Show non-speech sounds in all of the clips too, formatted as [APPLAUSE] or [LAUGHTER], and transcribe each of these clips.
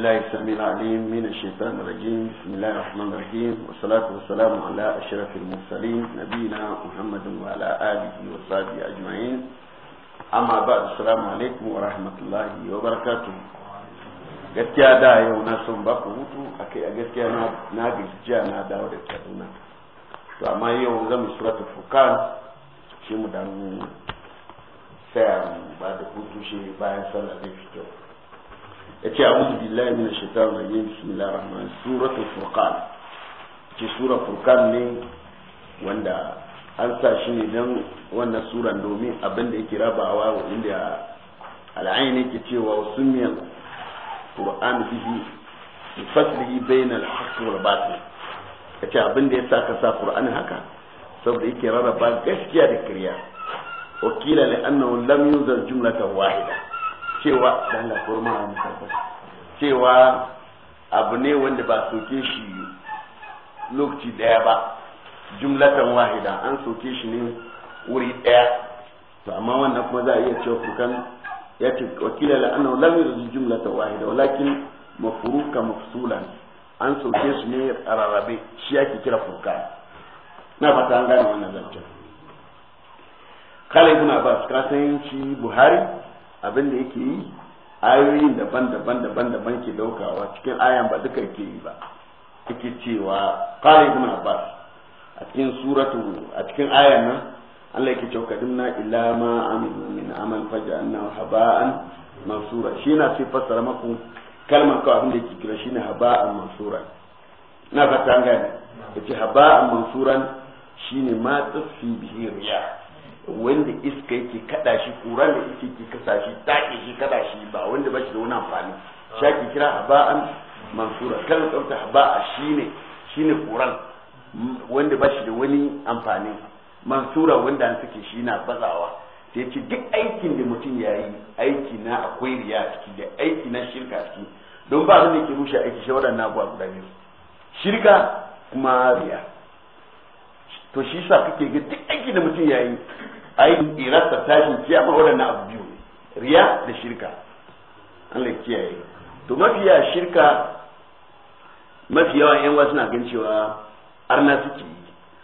بالله السميع العليم من الشيطان الرجيم بسم الله الرحمن الرحيم والصلاة والسلام على أشرف المرسلين نبينا محمد وعلى آله وصحبه أجمعين أما بعد السلام عليكم ورحمة الله وبركاته قلت يا yau na son ba ku hutu a kai a gaskiya na gajiya na dawo da kaduna to amma yau zan بعد fukan shi mu dan sai yace a'udhu billahi minash shaitanir rajim bismillahir rahmanir suratul furqan ce sura furqan ne wanda an sa shi ne dan wannan suran domin abin da yake rabawa wa inda al'ayin yake cewa sumiyan qur'an bihi faslihi bainal haqq wal batil yace abin da yasa ka sa qur'an haka saboda yake rarraba gaskiya da kiriya wakila li annahu lam yuzal jumlatan wahida cewa dan la kurma an cewa abu ne wanda ba soke shi lokaci daya ba jumlatan wahida an soke shi ne wuri daya to amma wannan kuma za a iya cewa kukan ya ce wakila la annahu lam yurji jumlatan wahida walakin mafruka mafsulan an soke su ne rarrabe shi yake kira furka na fata an gane wannan zancen kala ibn abbas ka san shi buhari abin da yake yi ayoyin daban-daban daban-daban ke daukawa cikin ayan ba duka yake yi ba yake cewa qala ibn abbas a cikin suratu a cikin ayan nan Allah yake cewa kadinna illa ma amilu min amal faj'alnahu haba'an mansura shi na sai fassara maku kalmar kawai abin da yake kira shi na haba'an mansura na fata an gane yace haba'an mansuran shine ma tasfi bihi riya wanda iska yake kada shi kura da iska yake kasa shi take shi kada shi ba wanda ba shi da wani amfani shaki kira haba'an mansura kan tsafta haba'a shine shine kuran wanda ba shi da wani amfani mansura wanda an suke shi na bazawa sai ce duk aikin da mutum ya yi aiki na akwai riya a ciki da aiki na shirka a ciki don ba abin da ke rushe aiki shi waɗannan abuwa guda biyu shirka kuma riya to shi sa kake ga duk aiki da mutum ya yi ai irasta tashin kiyama wadannan abu biyu riya da shirka Allah kiyaye to mafiya shirka mafi yawan yan wasu na gan cewa arna suke yi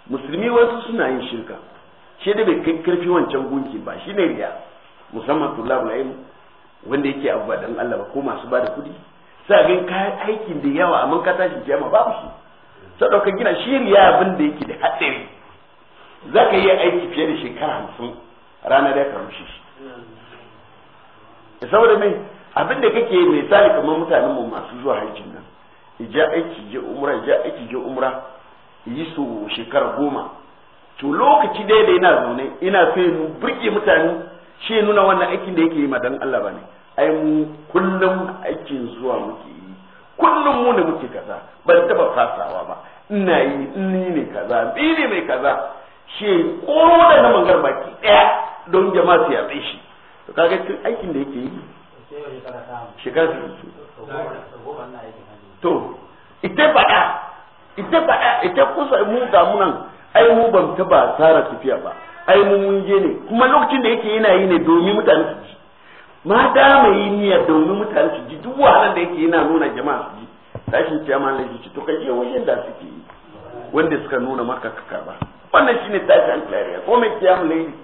musulmi wasu suna yin shirka shi da bai kai karfi wancan gunki ba shine riya musamman tullabul ilm wanda yake abu dan Allah ba ko masu bada kudi sai gan kayan aikin da yawa amma ka tashi kiyama babu shi sai dauka gina shi riya abin da yake da haɗari. za ka yi aiki fiye da shekara hamsin rana da ka rushe shi saboda mai abin da kake tsari kamar mutanen mu masu zuwa hajjin nan ija aiki je umra ija aiki je umra yi su shekara goma to lokaci da ina zaune ina sai mu burge mutane shi nuna wannan aikin da yake yi madan Allah ba ne ai mu kullum aikin zuwa muke yi kullum mu ne muke kaza ban taba fasawa ba ina yi ni ne kaza ni ne mai kaza shi koro da na mangar baki daya don jama'a su yabe shi to kaga tun aikin da yake yi shekara su to ita faɗa ita faɗa ita kusa mu ga munan ai mu ban taba tsara tafiya ba ai mu mun je ne kuma lokacin da yake yana yi ne domin mutane su ji ma da mai yi niyyar domin mutane su ji duk wahalar da yake yana nuna jama'a su ji tashin kiyama laifi to kaje wajen da suke yi wanda suka nuna maka ka karba wannan shine tashi an tariya ko mai kiyam laili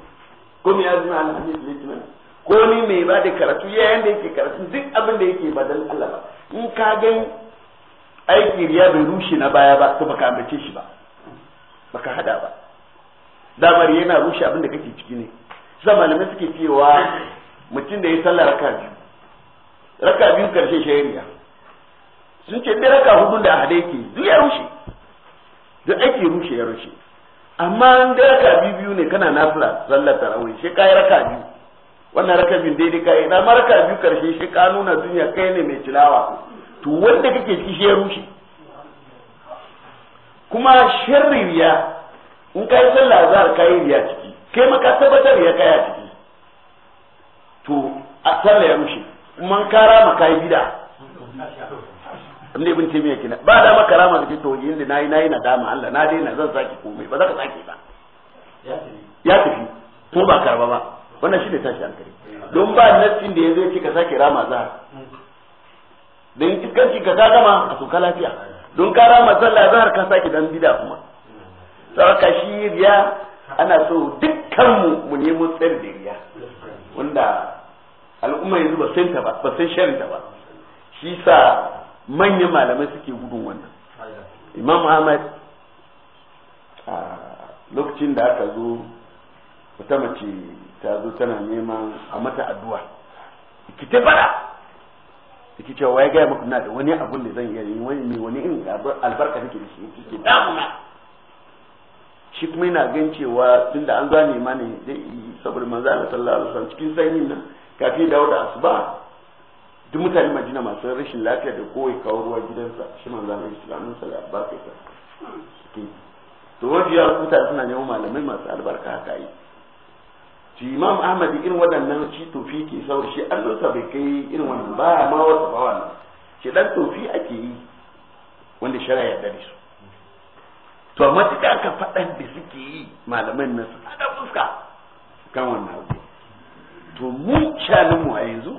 ko mai azumi alhamis litinin ko ni mai ba da karatu ya yanda yake karatu duk abin da yake ba dan Allah ba in ka gan aiki riya bai rushe na baya ba to baka ambace shi ba baka hada ba damar yana rushe abin da kake ciki ne sai malamai suke cewa mutum da ya sallar raka biyu raka biyu karshe shayariya sun ce ɗaya raka hudu da hada yake duk ya rushe duk aiki rushe ya rushe amma an da raka biyu ne kana nafila sallar tarawih shi kai raka biyu wannan raka biyu daidai kai na ma raka biyu karshe shi ka nuna duniya kai ne mai tilawa to wanda kake ciki shi ya rushe kuma sharri riya in kai sallah azhar kai riya ciki kai maka tabbatar ya kai a ciki to a sallah ya rushe kuma kara maka bid'a in dai ibn taymiya kina ba da maka rama da to yin da nayi nayi nadama Allah na daina zan saki komai ba za ka saki ba ya tafi ko ba karba ba wannan shine tashi hankali don ba nassin da yanzu yake ka sake rama za don iskanci ka ka gama a to ka lafiya don ka rama sallah zahar ka sake dan bida kuma saboda shi riya ana so dukkan mu mu nemo tsayar da riya wanda al'umma yanzu ba san ta ba ba san sharri ta ba shi sa manyan malamai suke gudun wannan imam ahmad a lokacin da aka zo wata mace ta zo tana neman a mata addu'a ki ta fara. ki ce wai gaya muku na da wani abun da zan iya yi wani ne wani in albarka nake da shi kike damuna shi kuma yana gan cewa tunda an zo nema ne zai yi saboda manzo Allah sallallahu alaihi wasallam cikin sanyin nan kafin dawo da asuba duk mutane madina masu rashin lafiya da kowai kawo ruwa gidansa shi manzo yi islamin sa albarka ta to wajen ya rubuta suna neman malamai masu albarka haka yi to imam ahmad irin waɗannan shi tofi ke sauri shi an sa bai kai irin wannan ba ma wata ba wannan shi dan tofi ake yi wanda shara ya dare su to matuƙa ka faɗan da suke yi malamai nasu su da fuska kan wannan abu to mu shanin mu a yanzu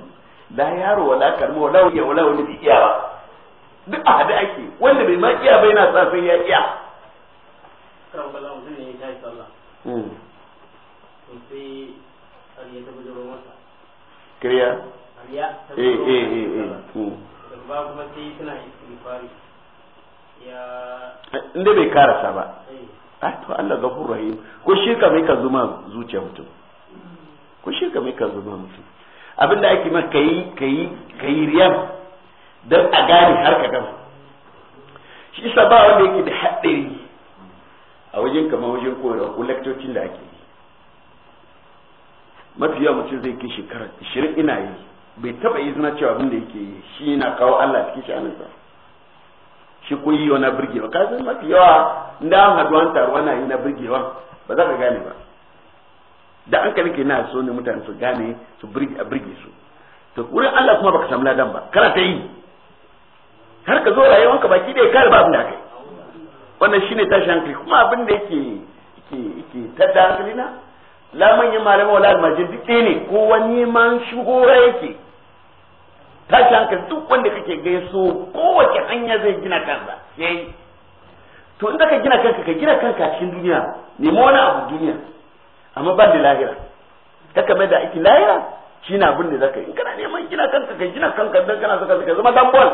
la yaro wala karmi wala wuya wala wani bi iya ba duk a hada ake wanda bai ma iya bai na sa ya iya ne inda bai karasa ba eh. a ah, to Allah gafur rahim ko shirka mai ka zuma zuciya mutum ko shirka mai ka zuma mutum Abin da ake ma kayi kayi kayi riyam don a gane har ka gama shi isa ba wanda yake da haɗari a wajen kamar wajen koyarwa ko laktocin da ake yi mafi yawa mutum zai kai shekara ishirin ina yi bai taba yi zina cewa abin da yake yi shi yana kawo Allah cikin sha'aninsa shi ko yi na birgewa ka san mafi yawa inda an haɗu an taruwa na yi na birgewa ba za ka gane ba da an kalike na so ne mutane su gane su birge su to wurin Allah kuma baka samu ladan ba kana ta yi har ka zo ka baki da ka ba abin da kai wannan shine tashi hankali kuma abin da yake yake yake tada hankali na la manyan malama wala almajid duk ne ko wani man shugora yake tashi hankali duk wanda kake gaiso kowace hanya zai gina kansa yayi to in ka gina kanka ka gina kanka cikin duniya nemo wani abu duniya amma ban da lahira kaka mai da aiki lahira shi na abin da zaka yi in kana neman gina kanka kai gina kanka dan kana so ka zama dan bol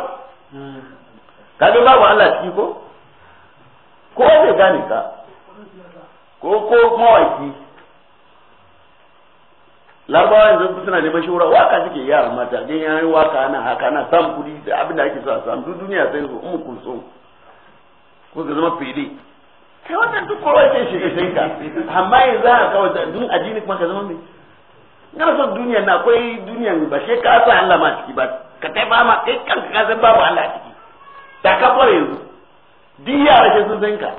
ka ga babu Allah ciki ko ko bai gane ka ko ko mawaki larabawa yanzu suna neman shura waka suke yara mata dan yayin waka ana haka ana samun kudi da abin da ake so a samu duniya sai su umu kunso ko zama fili kai wannan duk kowa ce shi sai ka amma yanzu haka kawai da dun addini kuma ka zama mai na son duniya na akwai duniya ba shi ka sa Allah ma ciki ba ka kai ba ma kai kanka ka san babu Allah ciki da ka fara yanzu duk yara sai sun san ka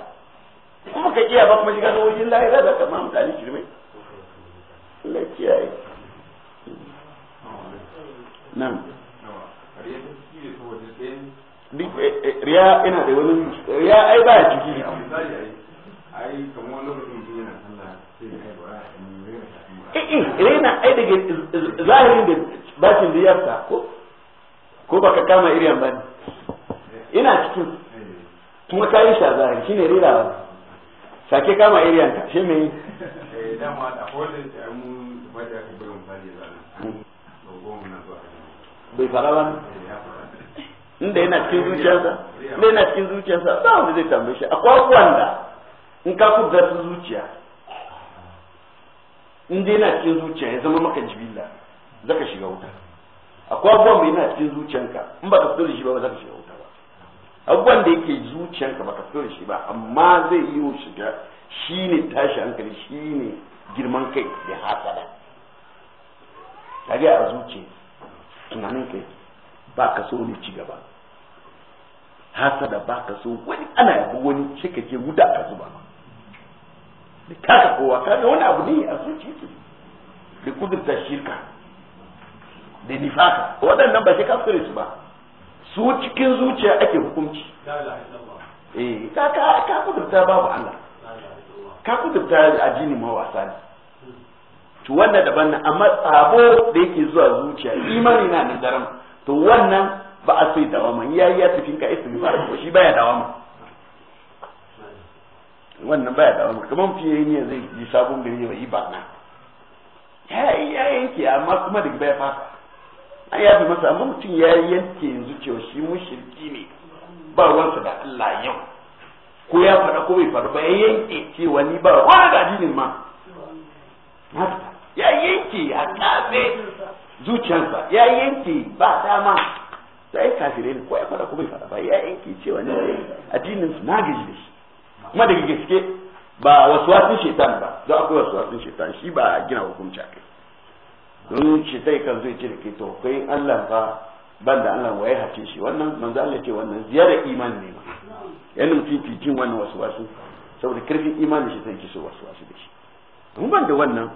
kuma ka iya ba kuma shiga da wajen lahira da ka ma mutane shirme Allah kiyaye nan eh, eh, riya ina da wani riya ai ba ciki ne ai kamar lokacin jin yana sallah sai ai ba in rena eh, eh rena ai daga eh, eh, zahirin da batin riyarsa ko ko baka kama iriyan ba ne ina cikin kuma ka yi shazari shine sake kama iriyan ta shi mai dama da holding ta mu ba da ka burin fali zana bai fara ba inda yana cikin zuciyarsa inda yana cikin zuciyarsa ba wanda zai tambaye shi akwai wanda in ka ku su zuciya in dai na cikin zuciya ya zama maka za zaka shiga wuta akwai abubuwan mai na cikin zuciyanka in ba ka fito da shi ba ba shiga wuta ba abubuwan da yake zuciyanka ba ka fito da shi ba amma zai yi shiga shi ne tashi hankali shi ne girman kai da hasada kage a zuci tunanin kai ba ka so ne ci gaba hasada ba ka so wani ana yabo wani shi wuta ka zuba da kasa kowa kaga wani abu ne a zuci yake da kudurta shirka da nifaka waɗannan ba shi ka su ba su cikin zuciya ake hukunci eh, ka ka ka kudurta babu Allah ka kudurta ajini ma wasa ne to wannan daban nan amma tsabo da yake zuwa zuciya imani na nan daram to wannan ba a sai dawama yayi ya tafi ka ismi ba shi baya dawama wannan baya da wani kamar fiye ne zai yi sabon gari ya yi barna ya ya yanke amma kuma daga baya fasa an fi masa amma mutum ya yanke yanzu cewa shi mushirki ne ba wansa da Allah yau ko ya faɗa ko bai faɗa ba ya yanke cewa ni ba wani da addinin ma ya yanke a kafe zuciyarsa ya yanke ba dama sai kafirai ne ko ya faɗa ko bai faɗa ba ya yanke cewa ni addinin su na gaji da shi kuma daga gaske ba wasuwasin shaitan ba don akwai wasuwasin shaitan shi ba gina hukunci a kai don shaitan kan zai ce da ke to kai Allah ba ban da Allah waye hace shi wannan manzo Allah ce wannan ziyara imani ne ma yana mutum fitin wannan wasuwasin saboda karfin imani shi sai kiso wasuwasu da shi mun ban da wannan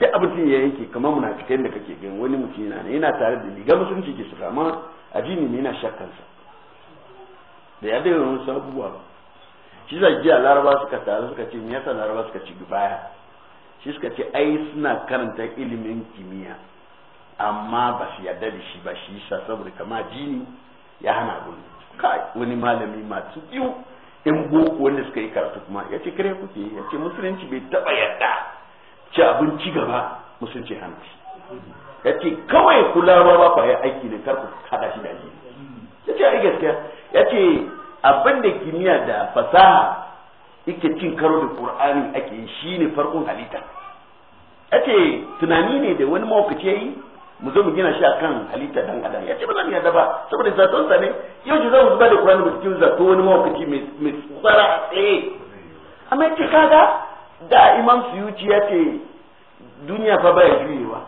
da abin ya yanke kamar munafikai da kake gani wani mutum yana ne yana tare da ga musulunci ke su amma addini ne yana shakkansa da ya da yawan sabuwa ba shi zai jiya laraba suka taru suka ce me yasa laraba suka ci baya shi suka ce ai suna karanta ilimin kimiyya amma ba su yarda da shi ba shi sa saboda kama jini ya hana gudu kai wani malami masu biyu in boko wanda suka yi karatu kuma ya ce kare kuke ya musulunci bai taba yarda ci abin ci gaba musulunci hana shi ya kawai kula ba ba ku aiki ne kar ku hada shi da addini ya ce ai gaskiya ya abin da kimiyya da fasaha yake cin karo da qur'ani ake shi ne farkon halitta yace tunani ne da wani mawakaci yayi mu zo mu gina shi akan halitta dan adam yace ba zan mu da ba saboda zaton sa ne yau ji zan zuba da qur'ani mu cikin zato wani mawakaci mai tsara tsaye amma ce kaga da imam suyuti yace duniya fa baya juyewa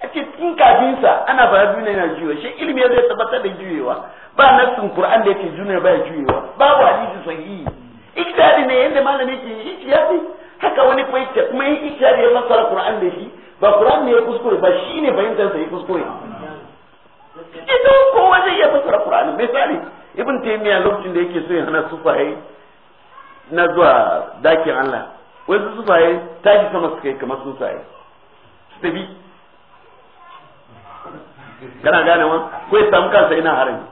ake tun kafin sa ana ba duniya yana juyewa shi ilimi zai tabbatar da juyewa ba nassin qur'an da yake duniya ba juyewa babu hadisi sahihi ikhtiyari ne yanda malami ke ikhtiyari haka wani kuma yake kuma yin ikhtiyari ya fassara qur'an da shi ba qur'an ne ya kuskure ba shi ne fahimtar sa ya kuskure idan kowa zai iya fassara qur'ani misali ibn taymiya lokacin da yake so ya hana sufaye na zuwa dakin Allah wasu sufaye tashi sama suka yi kamar sufaye su tafi kana gane wa ko ya samu kansa ina harami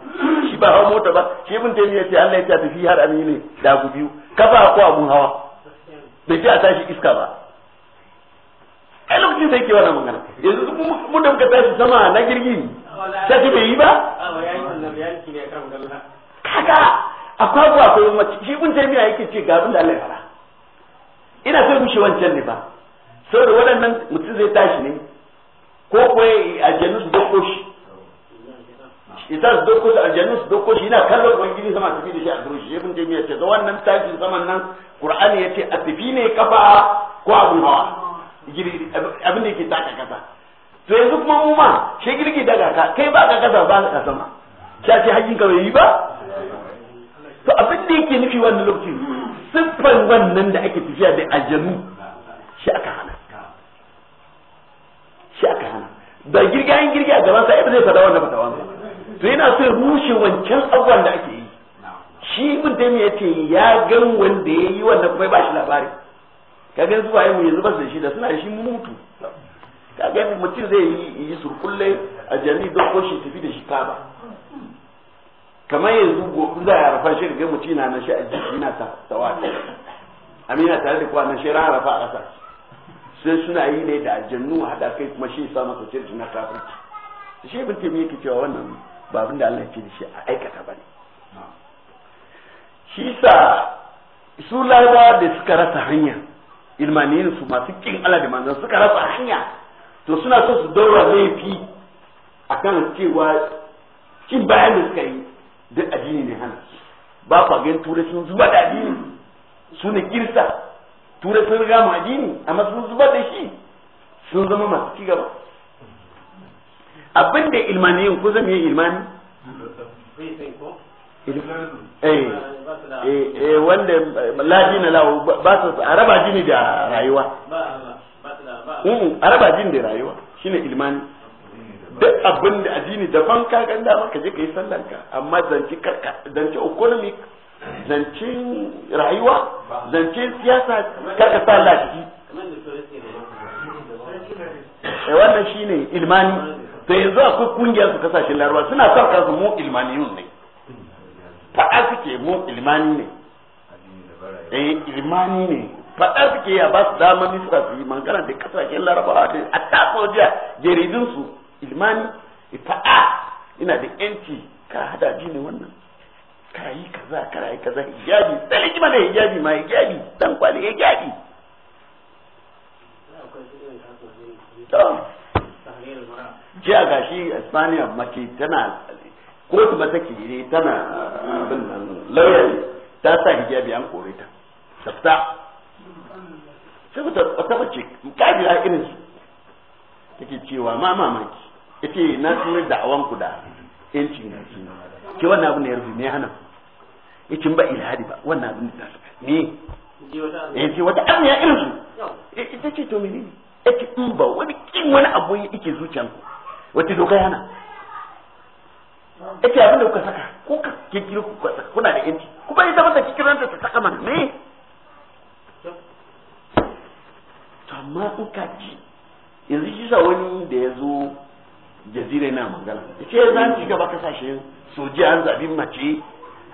shi ba hawa mota ba shi ibn taymiya ce Allah ya tafi fi har amine da ku biyu kafa ko abun hawa bai ce a tashi iska ba ai lokacin sai ke wannan magana yanzu duk mun da muka tashi sama na girgi sai bai yi ba kaga akwai abu akwai mace shi ibn taymiya yake ce ga abin da Allah ya fara ina sai mushe wancan ne ba saboda waɗannan mutum zai tashi ne ko kuwa aljanu su doko shi ita su doko shi aljanu su doko shi yana kallon ubangiji sama tafi da shi a burushi shefin jami'a ce da wannan tashin saman nan qur'ani ya ce a tafi ne kafa ko abun hawa abin da yake taka kasa to yanzu kuma mu ma shi girgi daga ka kai ba ka kasa ba ka sama kya ce hajjin ka bai yi ba to abin da yake nufi wannan lokacin siffar wannan da ake tafiya da aljanu shi aka hana shi aka hana da girgayen girgi a gaban sa ba zai fada wannan fatawan ba to yana so ya rushe wancan abubuwan da ake yi shi ibn taymiya yace ya gan wanda ya yi wannan kuma ba shi labari ka ga zuwa mu yanzu ba da shi da suna shi mutu ka ga mutum zai yi yi surkulle a jami'i don ko shi tafi da shi kaba kamar yanzu gobe za a rafa shi ga mutum na na shi a jiki na tawa amina tare da kuwa na shi ran rafa a ƙasa sai suna yi ne da aljannu hada kai kuma shi sa masa cirki na kafirci shi ibn taymiya yake cewa wannan ba abin da Allah ya ce shi a aikata bane shi sa su laraba da suka rasa hanya ilmaniyin su masu kin Allah da manzon suka rasa hanya to suna so su daura laifi akan cewa kin bayan da suka yi duk addini ne hana ba kwa ganin turai sun zuba da addini su ne kirsa tura sun riga mu addini amma sun zubar da shi sun zama masu ci gaba abin da ilmani yin ko zama yin ilmani eh, eh, eh wanda ladi na lawo ba su araba jini da rayuwa mm, araba jini da rayuwa shine ilmani duk abin da addini daban ka ganda maka je ka yi sallanka amma zance economic zancen rayuwa zancen siyasa karka sa Allah ciki eh wannan shine ilmani to yanzu akwai kungiyar su kasashen laruwa suna son kansu mu ilmaniyun ne faɗa suke mu ilmani ne eh ilmani ne faɗa suke ya ba su dama misra su yi magana da kasashen laruwa da a ta sojiya jaridun su ilmani a ina da yanci ka hada ne wannan karayi kaza karayi kaza hijabi dan hikima da hijabi ma hijabi dan kwali hijabi to jiya ga shi Espaniya mace tana kotu ba take ne tana abin nan lauyan ta sa hijabi an kore ta tafta sai wata mace kafira irin su take cewa ma mamaki ita na tunar da awan ku da yancin gaji ke wannan abu ne ya rufe me hana yace ba ilhadi ba wannan abin da su me yace wata eh, amiya irin su ita ce to menene yace in ba wani kin wani abu yake zuciyan ku wata doka yana yace abin da kuka saka ko ka ku kuka saka kuna da yanci kuma ita ba ta kiranta ta saka mana me to amma in ka ji yanzu shi sa wani da ya zo jazira yana magana ya ce za ci gaba kasashen sojiya an zabi mace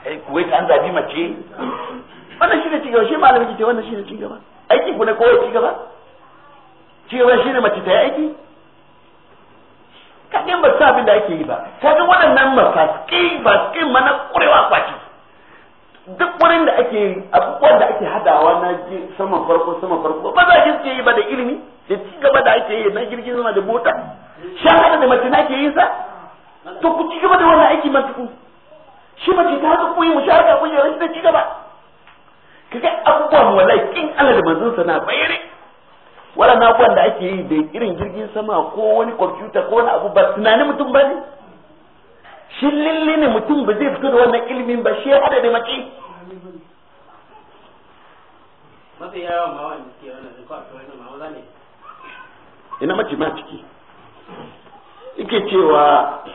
kai eh, kuwait an zabi mace wannan shine cigaba shi malamin ki ce wannan shine cigaba aiki ku ne kowai cigaba cigaba shine mace ta yi aiki kaɗin ba sa abin da ake yi ba kaga waɗannan mafaski faski mana ƙurewa kwaci duk wurin da ake abubuwan da ake hadawa na ji farko sama farko ba za ki suke yi ba da ilimi da ci gaba da ake yi na girgin sama da mota shan hada da mace na ke yi sa to ku ci gaba da wannan aiki man shi mace ta haka koyi musharaka ko yaran da cigaba kaga abubuwan wallahi kin Allah da manzon sa na bayare na abubuwan da ake yi da irin jirgin sama ko wani kwamfuta ko wani abu ba tunanin mutum ba ne shi lalle ne mutum ba zai fito da wannan ilimin ba shi ya da mace ina mace ma ciki ike cewa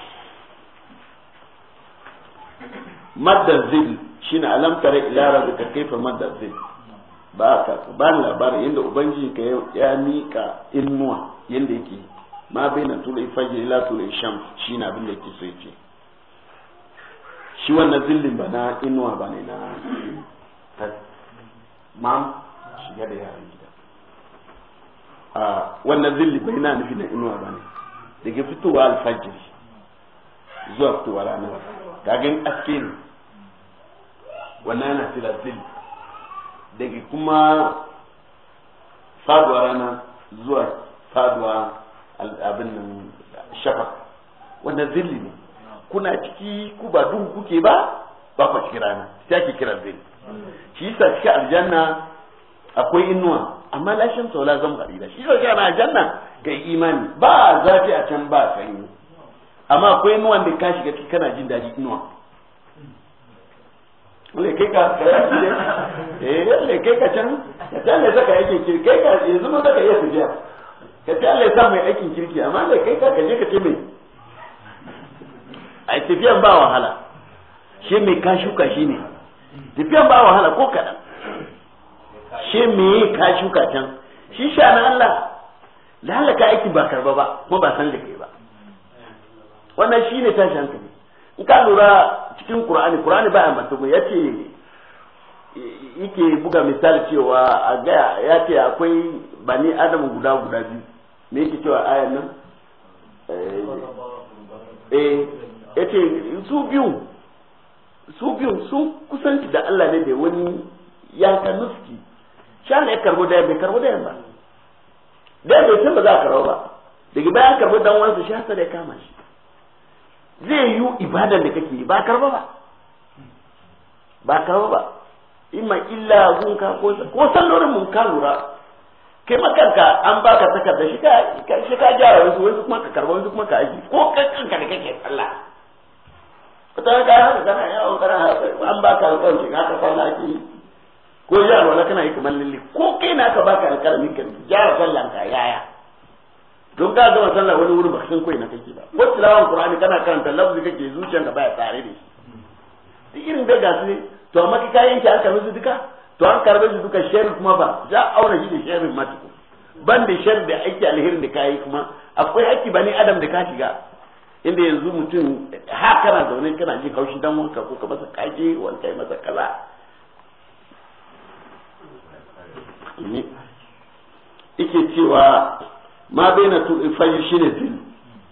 madda shi shine alam tare ila rabbika kaifa madda zil ba a ka ba ni labarin yanda ubangiji ka ya mika inuwa yadda yake ma bai na baina tulai fajr ila tulai sham shi abin da yake so yace shi wannan zillin ba na inuwa ba ne na mam shi shiga da yaran gida a wannan zilli bai na nufi na inuwa ba ne daga fitowa alfajiri zuwa fitowa ranar kagin aske ne wannan yana filastin daga kuma faduwa rana zuwa faduwa abin nan shafa wannan zilli ne kuna ciki ku ba duhu kuke ba ba ku ciki rana sai ake kira zilli shi yasa cikin aljanna akwai inuwa amma lashin saula zan bari da shi yau kana aljanna ga imani ba zafi a can ba sanyi amma akwai inuwan da ka shiga cikin kana jin daji inuwa leke ka kai eh leke ka can ka ta saka yake kirki kai ka yanzu mun saka iya sujiya ka ta sa mai aikin kirki amma leke ka kaje ka ce mai ai tafiyan ba wahala shi mai ka shuka shi ne tafiyan ba wahala ko kaɗan shi me ka shuka can shi sha na Allah lalaka aiki ba karba ba kuma ba san da kai ba wannan shine tashi hankali in ka lura cikin qur'ani qur'ani baya mu yace yake buga misali cewa a gaya ya ce akwai bani adam guda guda biyu me yake cewa ayan nan eh, eh yace su biyu su biyu sun kusanci da Allah ne da wani yanka nuski shan ya karbo da bai karbo da ba da bai san ba za ka karbo ba daga bayan karbo dan wansa shi hasa da ya kama shi zai yi ibadan da kake yi ba karba ba ba karba ba imma illa ka ko sallorin mun ka lura kai makanka an baka takarda shi ka shi ka jara wasu wasu kuma ka karba wasu kuma ka aji ko kanka da kake sallah ta ka haka kana yawon kana an baka alƙawarin ka ka ake yi ko yaro na kana yi kamar lilli ko kai na ka baka alƙawarin ka jara sallan ka yaya don ka zama sallah wani wurin ba san koyi na kake ba ko tilawan qur'ani kana karanta lafzi kake ka baya tare da shi duk irin da ga su to amma ka yanke an karbe su duka to an karbe su duka sharri kuma ba ja aure shi da sharri ma duka ban da sharri da aiki alherin da kayi kuma akwai haƙƙi bani adam da ka shiga inda yanzu mutum ha kana zaune kana jin haushi dan wanka ko ka masa kaje wanka masa kaza ike cewa ma baina tu fayu shine zil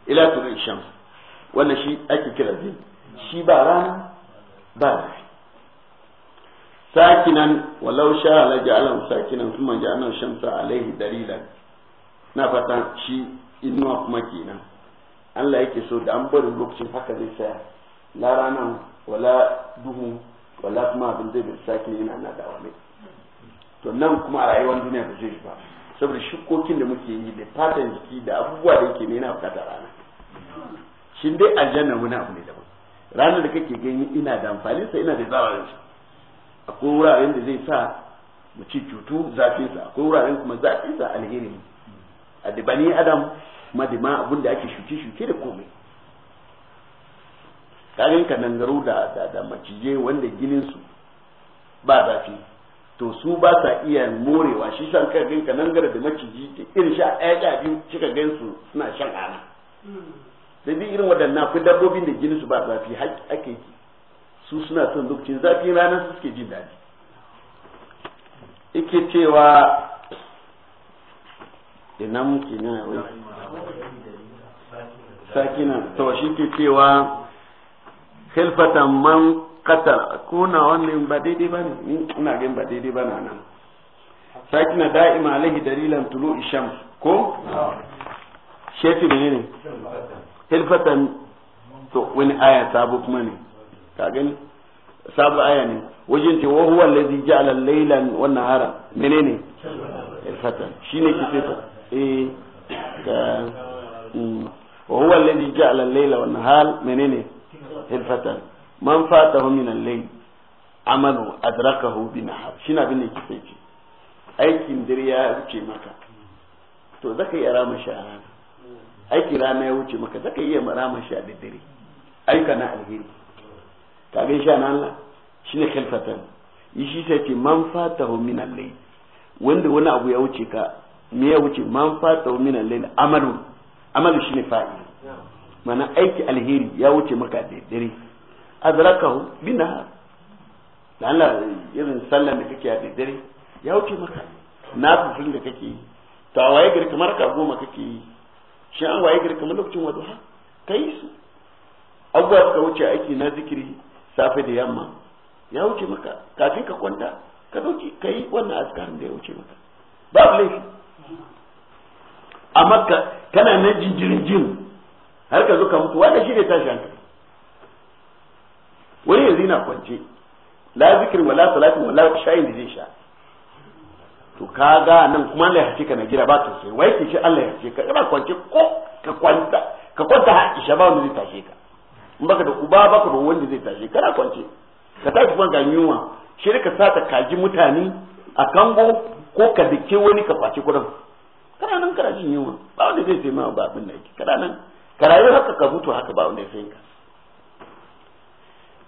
ila tu shams wannan shi ake kira zil shi ba rana ba zafi sakinan walau sha la ja'alahu sakinan kuma ja'alna shamsa alaihi dalilan na fata shi inuwa kuma kenan Allah yake so da an bari lokacin haka zai saya la ranan wala duhu wala kuma abin zai bi sakin yana na dawame to nan kuma a rayuwar duniya ba zai ba saboda shukokin da muke yi da fatan jiki da abubuwa da yake ne yana bukata rana shi dai aljanna wani abu ne daban ranar da kake gani ina da amfani ina da zawa yanzu akwai wuraren da zai sa mu ci cutu zafinsa. sa akwai wuraren kuma zafi sa alheri ne a dibani adam kuma ma abun da ake shuke shuke da komai kayan ka nan da da macije wanda ginin su ba zafi to su ba sa iya morewa shi san ka ganka nan gara da maciji irin sha ɗaya sha biyu kika gan su suna shan ana sai bi irin waɗannan ku dabbobin da jini su ba zafi ake yi su suna son lokacin zafi ranar su suke jin daɗi ike cewa ina muke nuna wai sakinan to shi ke cewa khilfatan man ko na wannan ba daidai ba ne ni ina gan ba daidai ba na nan na da'ima alaihi dalilan tulu isham ko shefi ne ne hilfatan to wani aya sabu kuma ne ka gani sabu aya ne wajen ce wa huwa allazi ja'ala laylan wa nahara menene hilfatan shine ki sai eh ka mm. wa huwa allazi ja'ala layla wa nahara menene hilfatan man fatahu min al-layl amalu adrakahu bi nahar shine abin da kike ce aikin dare ya wuce maka to zaka iya rama shi a rana aiki rana ya wuce maka zaka iya rama shi a daddare aika na alheri ka ga sha nan Allah shine yi shi sai ce man fatahu min al-layl wanda wani abu ya wuce ka me ya wuce man fatahu min al-layl amalu amalu ne fa'il mana aiki alheri ya wuce maka daddare adrakahu bina lalla Allah irin sallan da kake da dare ya wuce maka na fufin da kake yi to a waye gari kamar ka goma kake yi shi an waye gari kamar lokacin wadduha kai su abubuwa suka wuce aiki na zikiri safe da yamma ya wuce maka kafin ka kwanta ka dauki kai wannan askarin da ya wuce maka babu laifi amma kana na jinjirin jin har ka zo ka mutu wanda shi ne tashi hankali wani yanzu yana kwance la zikir wala salati wala shayin da zai sha to kaga nan kuma Allah ya hace ka na gida ba sai wai ke shi Allah ya hace ka ba kwance ko ka kwanta ka kwanta har isha ba wanda zai tashe ka in baka da uba baka da wanda zai tashe na kwance ka tashi kuma ga yunwa shi ka ta kaji mutane a kango ko ka dake wani ka kwace kudin kana nan kana jin yunwa ba wanda zai sai ma ba abin da yake kana nan ka rayu haka ka mutu haka ba wanda ya sai ka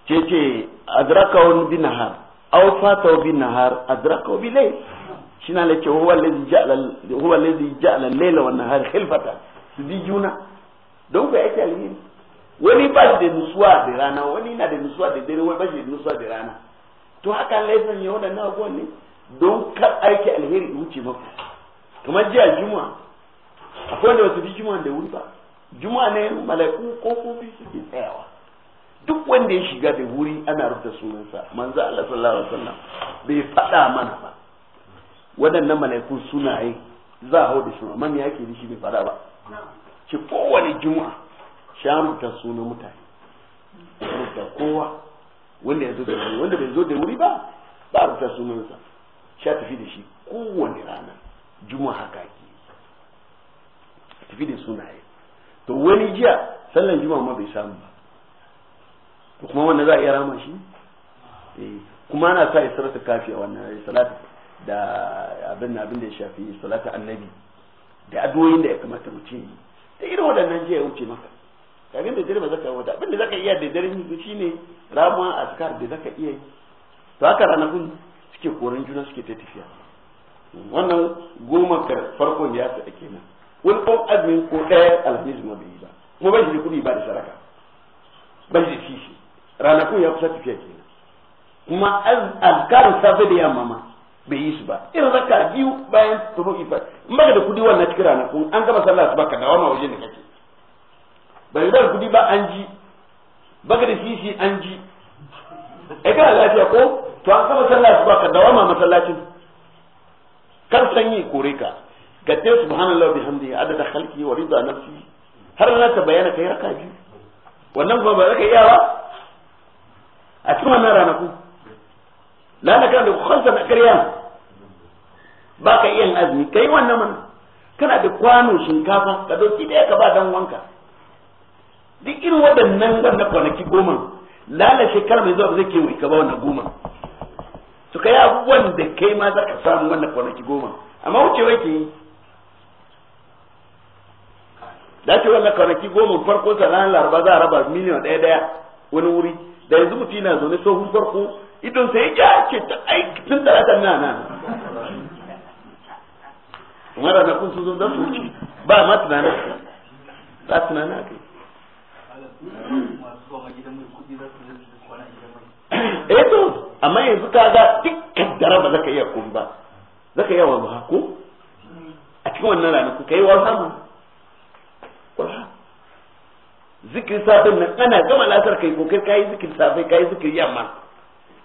ce ce adrakahu bin nahar aw fatahu bin nahar adrakahu bi layl shi na lace huwa allazi ja'ala huwa allazi ja'ala al-layla wan nahar khilfata su bi juna don ku yake alheri wani ba da nusuwa da rana wani na da nusuwa da dare wani ba shi da nusuwa da rana to haka laifin ya waɗannan abubuwan gwanne don kar aiki alheri wuce maku kamar jiya juma akwai wanda wasu bi juma da wuri ba juma ne mala'iku ko kofi suke tsayawa duk wanda ya shiga da wuri ana rubuta sunansa manzo Allah sallallahu alaihi wasallam bai faɗa mana ba waɗannan mala'iku sunaye za a hau da suna man yake da shi bai faɗa ba ci kowane juma'a sha rubuta sunan mutane rubuta kowa wanda ya zo da wuri wanda bai zo da wuri ba ba rubuta sunansa sha tafi da shi kowane rana juma'a haka ke tafi da sunaye to wani jiya sallan juma'a ma bai samu ba kuma wanda za a iya rama shi eh, kuma ana sa isratu kafi a wannan eh, salatu da abin abin da ya shafi salatu annabi da addu'o'in da ya kamata mu ce yi da irin waɗannan jiya wuce maka kagin da dare ba zaka wata abin da zaka iya da dare shine rama askar da zaka iya yi to haka ranakun suke koran juna suke ta tafiya wannan goma farkon ya ake nan wani ɗan azumin ko ɗaya alhamis ma bai yi ba kuma ban shi da kuɗi ba da saraka ban shi da kishi ranakun ya kusa tafiya kenan kuma alkarin safe da yamma ma bai yi su ba irin zaka biyu bayan tuhu ifa in baka da kudi wannan cikin ranakun an gama sallah asuba ka dawo ma waje ne kake bai da kudi ba an ji baka da sisi an ji ai kana lafiya ko to an gama sallah asuba ka dawo ma masallacin kar sanyi kore ka ga te subhanallahi bihamdihi adada khalqi wa rida nafsi har na ta bayyana kai raka biyu wannan ba ba zaka iya ba a cikin wannan ranaku kana da kwanza na karya ba ka iya azumi ka yi wannan mana kana da kwano shinkafa ka dauki ɗaya ka ba dan wanka duk irin waɗannan wannan kwanaki goma lalace kar mai zuwa ba zai ka ba wannan goma to kai abubuwan da kai ma za ka samu wannan kwanaki goma amma wucewa ke yi dace wannan kwanaki goma farko sa laraba za a raba miliyan ɗaya ɗaya wani wuri da yanzu mutum na zaune tsohon farko idon sai ya ce ta aiki tun talata na nan kuma da kun su zo don su ba ma tunanin ba tunanin a kai eh to amma yanzu ka ga dukkan dare ba zaka iya kun ba zaka iya wa ko a cikin wannan ku kai wa sama zikirin safin nan ana gama lasar kai ko kai kayi zikirin safe kayi zikirin yamma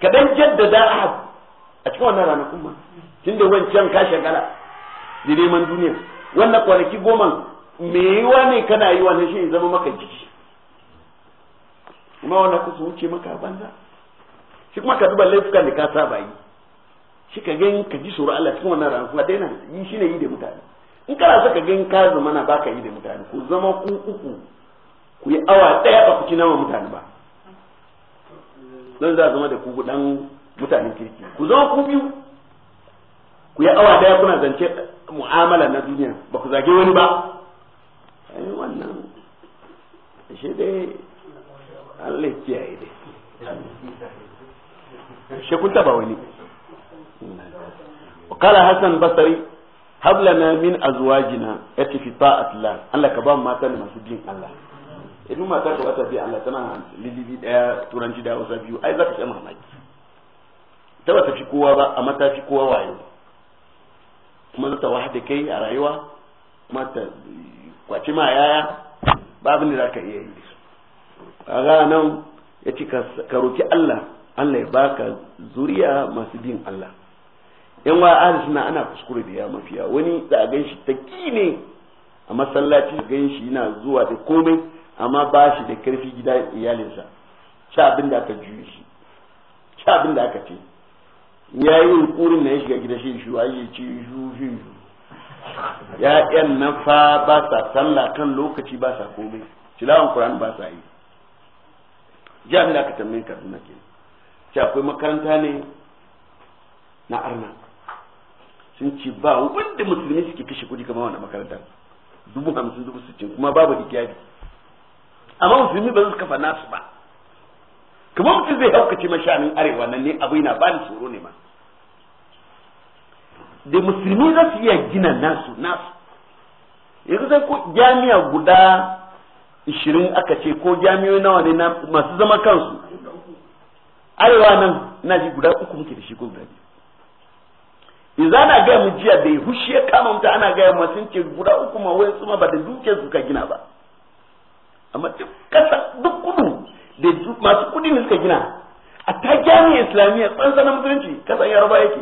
ka dan jaddada ahad a cikin wannan ranakun ma tunda wancan ka shagala da neman duniya wannan kwanaki goma me yiwa ne kana yi wannan shi zama maka jiki kuma wannan kusa wuce maka banza shi kuma ka duba laifukan da ka saba yi shi ka gani ka ji tsoro Allah cikin wannan ranakun a daina yi shi ne yi da mutane in kana so ka gani ka zama na baka yi da mutane ku zama ku uku ku yi awa ɗaya ba ku ci nama mutane ba don za zama da ku dan mutanen kirki ku zama ku biyu ku yi awa ɗaya kuna zance mu'amala na duniya ba ku zage wani ba ai wannan shi dai Allah kiyaye dai shi kun taba wani قال حسن بصري هب لنا من ازواجنا اتي في طاعه الله الله كبا ما تن مسجدين الله idan eh, mata ta wata bi Allah tana lilibi daya turanci da wasa biyu ai za ka sha mamaki ta bata fi kowa ba amma ta fi kowa wayo kuma za ta da kai a rayuwa kuma ta kwaci ma yaya babu ne za ka iya yi kaga nan ya ce ka roki Allah Allah ya baka zuriya masu bin Allah yan wa ahli suna ana kuskure da ya mafiya wani za a gan shi taki ne a masallaci gan shi yana zuwa da komai amma ba shi da karfi gida iyalinsa ci abin da aka juye shi ci abin da aka ce ya yi yunkurin na ya shiga gida shi shi a yi ci shu shi shu yan na fa ba sa sallah kan lokaci ba sa komai tilawan qur'ani ba sa yi ji abin da aka tambaye kaduna ke ci akwai makaranta ne na arna sun ci ba wanda musulmi suke kashe kudi kamar wannan makarantar dubu hamsin dubu sittin kuma babu hijabi amma musulmi ba su kafa nasu ba kuma mutum zai haukace mashanin arewa nan ne abu yana ba ni tsoro ne ma da musulmi za su iya gina nasu nasu ya kusa ko jami'a guda ishirin aka ce ko jami'o nawa ne na masu zama kansu arewa nan na ji guda uku muke da shi ko guda biyu idan ana gaya mu jiya da ya hushe kama mutum ana gaya mu ce guda uku ma wai su ma ba da dukiyar suka gina ba amma duk kasa duk kudu da masu kudi ne suka gina a ta jami'a islamiyya tsantsan musulunci kasan yarba yake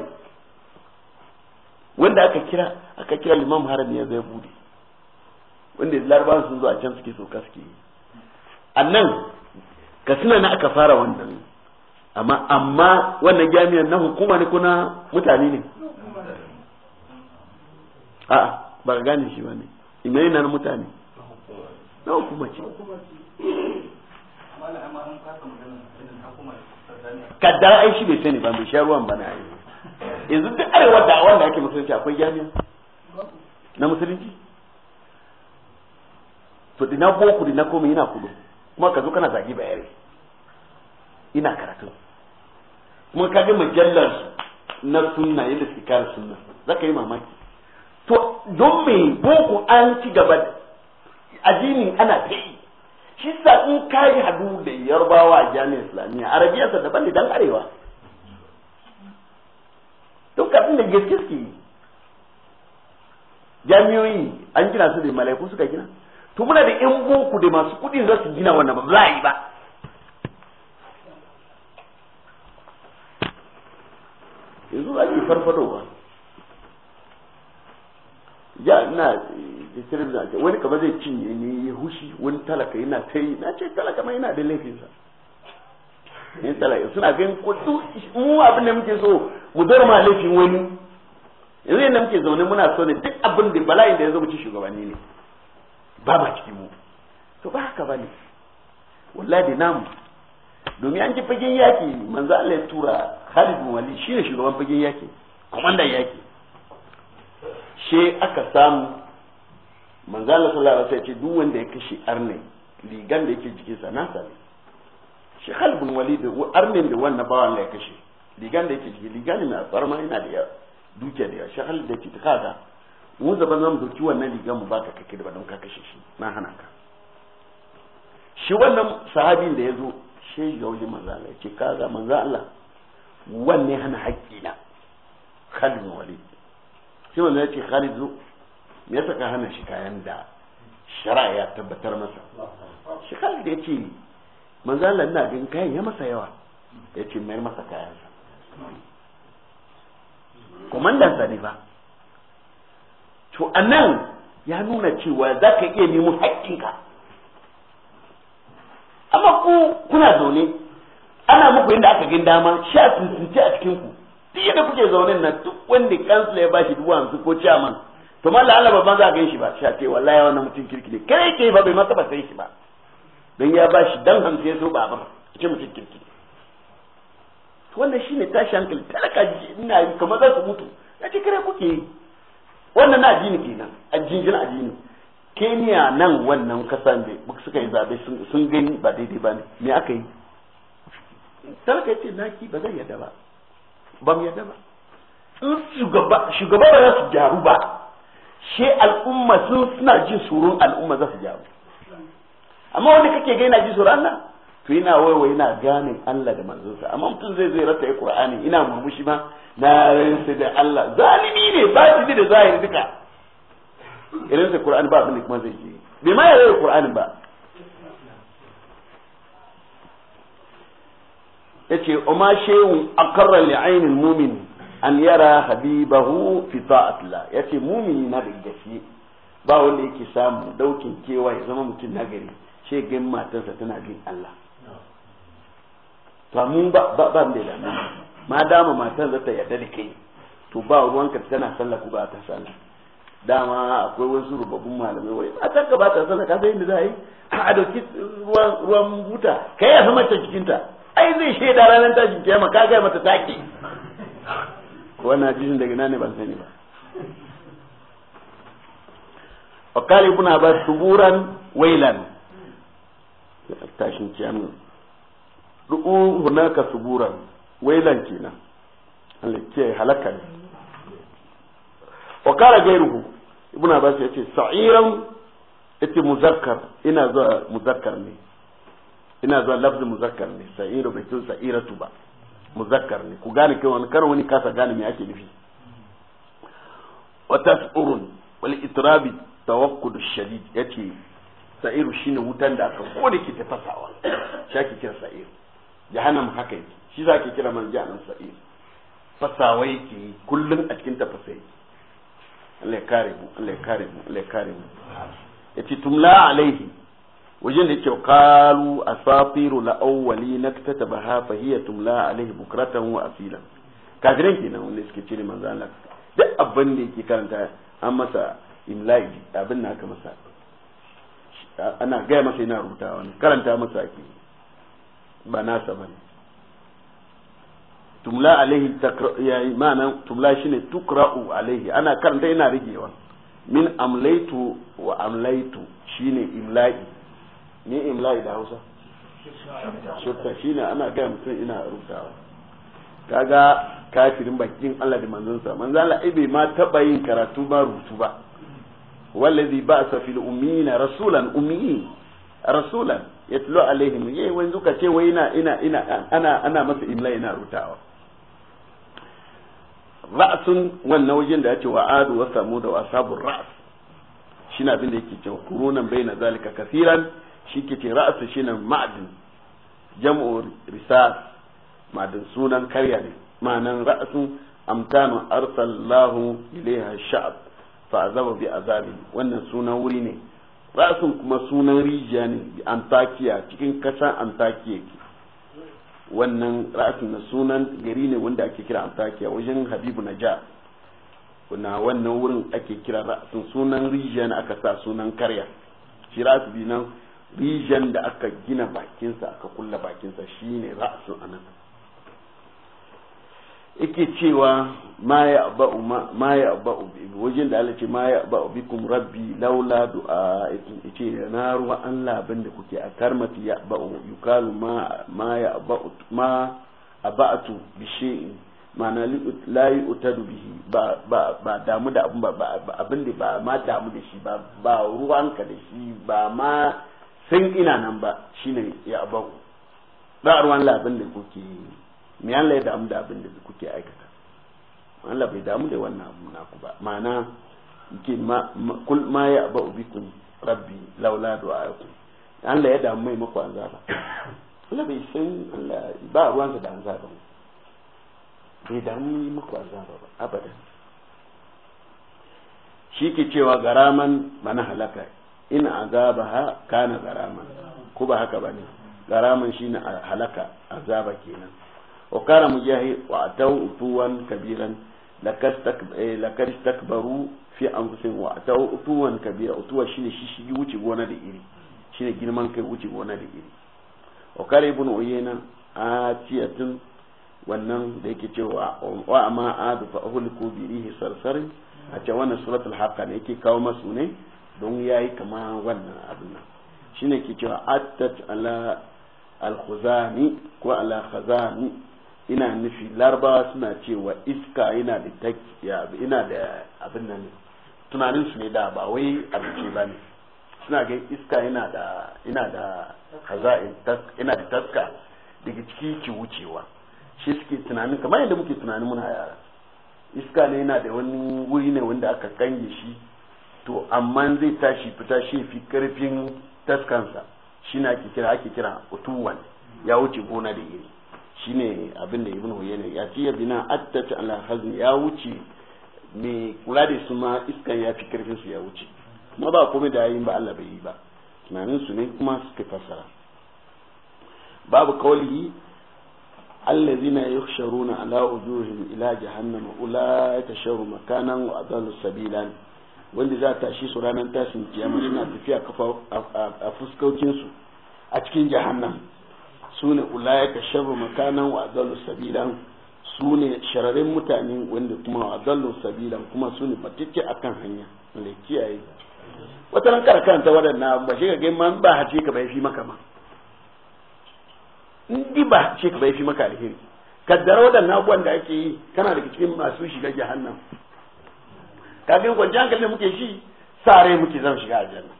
wanda aka kira aka kira limam harami ya zai bude wanda larabawan sun zo a can suke soka suke yi a nan ka suna na aka fara wannan amma amma wannan jami'an na hukuma ne kuna mutane ne a'a ba ka gane shi ba ne imai na mutane nawa kuma ce kaddara ai shi bai sani ba mai sha ruwan ba na yi yanzu duk arewa da wanda ake musulunci akwai jami'a na musulunci to dina boko dina komai ina kudu kuma ka zo kana zagi yare ina karatu kuma ka ga mujallar na sunna yadda suke kare sunna zaka yi mamaki to don me boko an ci gaba addinin ana ta yi shi sa in ka yi hadu da yarbawa a jami'ar islamiyya arabiyarsa daban da dan arewa duk kafin da gaske suke yi jami'oyi an gina su da mala'iku suka gina to muna da yan boko da masu kuɗi za su gina wannan ba za a yi ba yanzu ake farfadowa ya na kirim da ake wani kaba zai cinye ne ya hushi wani talaka yana ta yi na ce talaka mai yana da laifinsa ne talaka suna ganin kudu mu abin da muke so mu dora ma laifin wani yanzu yadda muke zaune muna so ne duk abin da bala'in da ya zo mu ci shugabanni ne ba ma ciki mu to ba haka ba ne wallahi namu domin an ji fagen yaki manzo Allah ya tura Khalid bin Walid shine shugaban fagen yaki komandan yaki she aka samu manzala sallallahu alaihi wasallam ya ce duk wanda ya kashe arne ligan da yake jikinsa nasa ne shi halbun walid arnin da wannan bawan ya kashe ligan da yake jiki ligan ne mai farma yana da duke da shi halin da ke ta da mu zaba zan doki wannan ligan mu baka kake da don ka kashe shi na hana ka shi wannan sahabin da ya zo shi ga wani manzo Allah ce kaga manzo Allah wanne hana hakki na Khalid walid shi wannan ya ce Khalid zo me yasa ka hana shi kayan da shari'a ya tabbatar masa shi kan da yace manzo Allah ina ganin kayan ya masa yawa yace mai masa kayan sa komandan sa ne ba to anan ya nuna cewa za ka iya nemo haƙƙinka amma ku kuna zaune ana muku inda aka gin dama sha tuntunce a cikin ku duk yadda kuke zaune na duk wanda kansila ya bashi duwa hamsin ko ciyaman to mallan Allah babban za a gan shi ba sha ce wallahi wannan mutum kirki ne kai ke ba bai masa ba sai shi ba dan ya ba shi dan hamsin ya so ba ba ce mutum kirki wannan shine tashi hankali talaka ina yi kamar za ku mutu na ce kare kuke yi wannan na addini kenan addinin addini kenya nan wannan kasan da suka yi zabe sun gani ba daidai ba ne me aka yi talaka ce naki ba zai yadda ba ba mu yadda ba in shugaba ba za su gyaru ba shi al'umma sun suna jin tsoron al'umma za su jawo amma wanda kake ga yana ji tsoron Allah to yana waiwa yana ganin Allah da manzonsa amma mutum zai zai rata Qur'ani ina murmushi ma na rinsa da Allah zalimi ne ba batini da zahiri duka irin sa Qur'ani ba abin da kuma zai ji bai ma yarda Qur'ani ba yace umma shay'un aqarra li'aynil mu'min an yara habibahu fi ta'atla yace mumini na da gaske ba wanda yake samu daukin kewa ya zama mutum nagari she gan matarsa tana jin Allah to mun ba ba da damu ma dama matar za ta yarda da kai to ba ruwanka tana sallah ko ba ta sallah dama akwai wasu rubabbun malamai wai a tanka ba ta sallah ka sai inda za a yi a dauki ruwan ruwan buta kai ya fi mata jikinta ai zai shaida ranar tashin kiyama ka ga mata taki wannan hadisin daga nan ne ban sani ba وقال ابن عباس ثبورا ويلا tashin kiyamun ru'u hunaka suburan wailan kenan Allah ke halaka ne wa kara gairuhu ibuna ba ya ce sa'iran yace muzakkar ina zuwa muzakkar ne ina zuwa lafzin muzakkar ne sa'iru bai tun sa'iratu ba muzakkar ne ku gane kai wani karo wani kasa gane me ake nufi wa tas'urun wal itrabi tawakkud shadid yace sa'iru shine wutan da aka kone ki ta fasawa shaki kira sa'iru jahannam haka yake shi zaki kira man jahannam sa'iru fasawa yake kullun a cikin tafasa yake Allah ya kare mu Allah ya kare mu Allah ya kare mu yace tumla alaihi wajen da yake qalu asatiru la awwali naktataba ha fa hiya tumla alaihi bukratan wa asila kenan wanda suke cire manzo Allah duk abin da yake karanta an masa imla'i abin na aka masa ana gaya masa yana rubutawa ne karanta masa ake ba nasa bane tumla alaihi ya ma'ana tumla shine tukra'u alaihi ana karanta yana rigewa min amlaitu wa amlaitu shine imla'i Ni in imla'i da hausa shi ne ana gaya mutum ina rubutawa kaga kafirin bakin Allah da sa manzon Allah ibe ma taba yin karatu ba rubutu ba wallazi sa fil ummina rasulan ummi rasulan yatlu alaihim ye wanzu ka ce wai ina ina ina ana ana masa imla ina rutawa ra'sun wannan wajen da yace wa adu wa samud wa ashabur ra's shine abin da yake cewa kurunan baina zalika kasiran shi ke ce ra'asa shi ne ma'adin jam'u risas ma'adin sunan karya ne ma'anan ra'asun amtanu arsallahu ilaiha sha'ab fa azaba bi azabi wannan sunan wuri ne ra'asun kuma sunan rijiya ne bi antakiya cikin kasan antakiya ke wannan ra'asun na sunan gari ne wanda ake kira antakiya wajen habibu naja na wannan wurin ake kira ra'asun sunan rijiya ne aka sa sunan karya shi ra'asu bi nan rijiyar da aka gina bakinsa aka kulla bakinsa shine ra'asun anan yake cewa ma ya ba'u ma ya ba'u wajen da ala ce ma ya ba'u bikum rabbi laula du'a yace na ruwa an labin da kuke a karmati ya ba'u yukalu ma ma ya ba'u ma abatu bi shay'in ma'ana la yu'tadu bihi ba ba ba damu da abin ba abin da ba ma damu da shi ba ba ruwanka da shi ba ma sun ina nan ba shi ne ya abau ba ruwan labin da kuke yi me Allah ya damu da abin da kuke aikata Allah bai damu da wannan abu naku ba ma'ana ke ma ya abau bikin rabbi laula du'a'akum Allah ya damu mai muku azaba Allah bai san Allah ba ruwansa da azaba bai damu mai muku azaba ba abadan shi ke cewa garaman mana halaka in azabaha kana garama ko ba haka bane garaman shine halaka azaba kenan wa kana mujahi wa atau utuwan kabiran eh, lakad takbaru fi anfusihim wa atau utuwan kabira utuwa shine shi wuce gona da iri shine girman kai wuce gona da iri wa kare ibn uyayna atiyatun wannan da yake cewa wa amma adu fa uhliku bi rihi sarsarin a cewa wannan suratul haqqa ne yake kawo masu ne don ya yi kama wannan abin nan shi ne ke cewa attat ala alhazani ko ala khazani ina nufi larabawa suna cewa iska ina da ina da abin nan tunanin su ne da ba wai abinci ba ne suna ga iska ina da ina da khaza'in ina da taska daga ciki ki wucewa shi suke tunanin kamar yadda muke tunanin muna yara iska ne yana da wani wuri ne wanda aka kange shi to amma zai tashi fita shi fi karfin taskansa shi na ake kira ake kira utuwan ya wuce gona da iri shine abin da ibn huyayna ya ce ya bina attata ala hazn ya wuce me kula da su ma iskan ya fi karfin su ya wuce kuma ba komai da yayin ba Allah bai yi ba tunanin su ne kuma suka fassara babu kawali allazina yuhsharuna ala wujuhihim ila jahannama ulaika sharru makanan wa adallu wanda za a tashi su ranar tashin kiyama suna tafiya kafa a fuskokinsu a cikin jahannam su ne ulayaka shabu makanan wa zallu sabilan su ne shararin mutane wanda kuma wa zallu sabilan kuma su ne fatike a kan hanya da kiyaye wata ran karkanta waɗannan ba shi ka ga man ba hace ka bai fi maka ma ɗi ba ce ka bai fi maka alheri kaddara waɗannan abubuwan da ake yi kana daga cikin masu shiga jahannam kafin kwanci hankali da muke shi sa rai muke zan shiga aljanna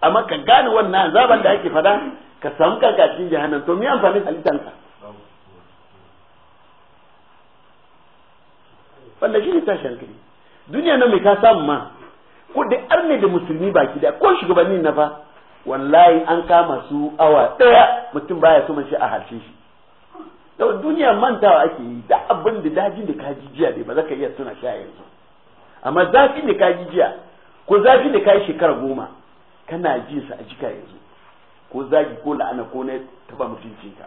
amma ka gane wannan azaban da ake fada ka samu kanka cikin jahannam to me amfanin ka wanda shi ne ta hankali duniya nan mai ka samu ma ko da arne da musulmi baki da ko shugabannin na fa wallahi an kama su awa daya mutum baya so mace a harshe shi da duniya mantawa ake yi da abin da dajin da kaji jiya dai ba za ka iya tuna shi a yanzu amma zafin da ka ji jiya ko zafin da ka yi shekara goma kana jin sa a jika yanzu ko zagi ko la'ana ko na taba mutuncin ka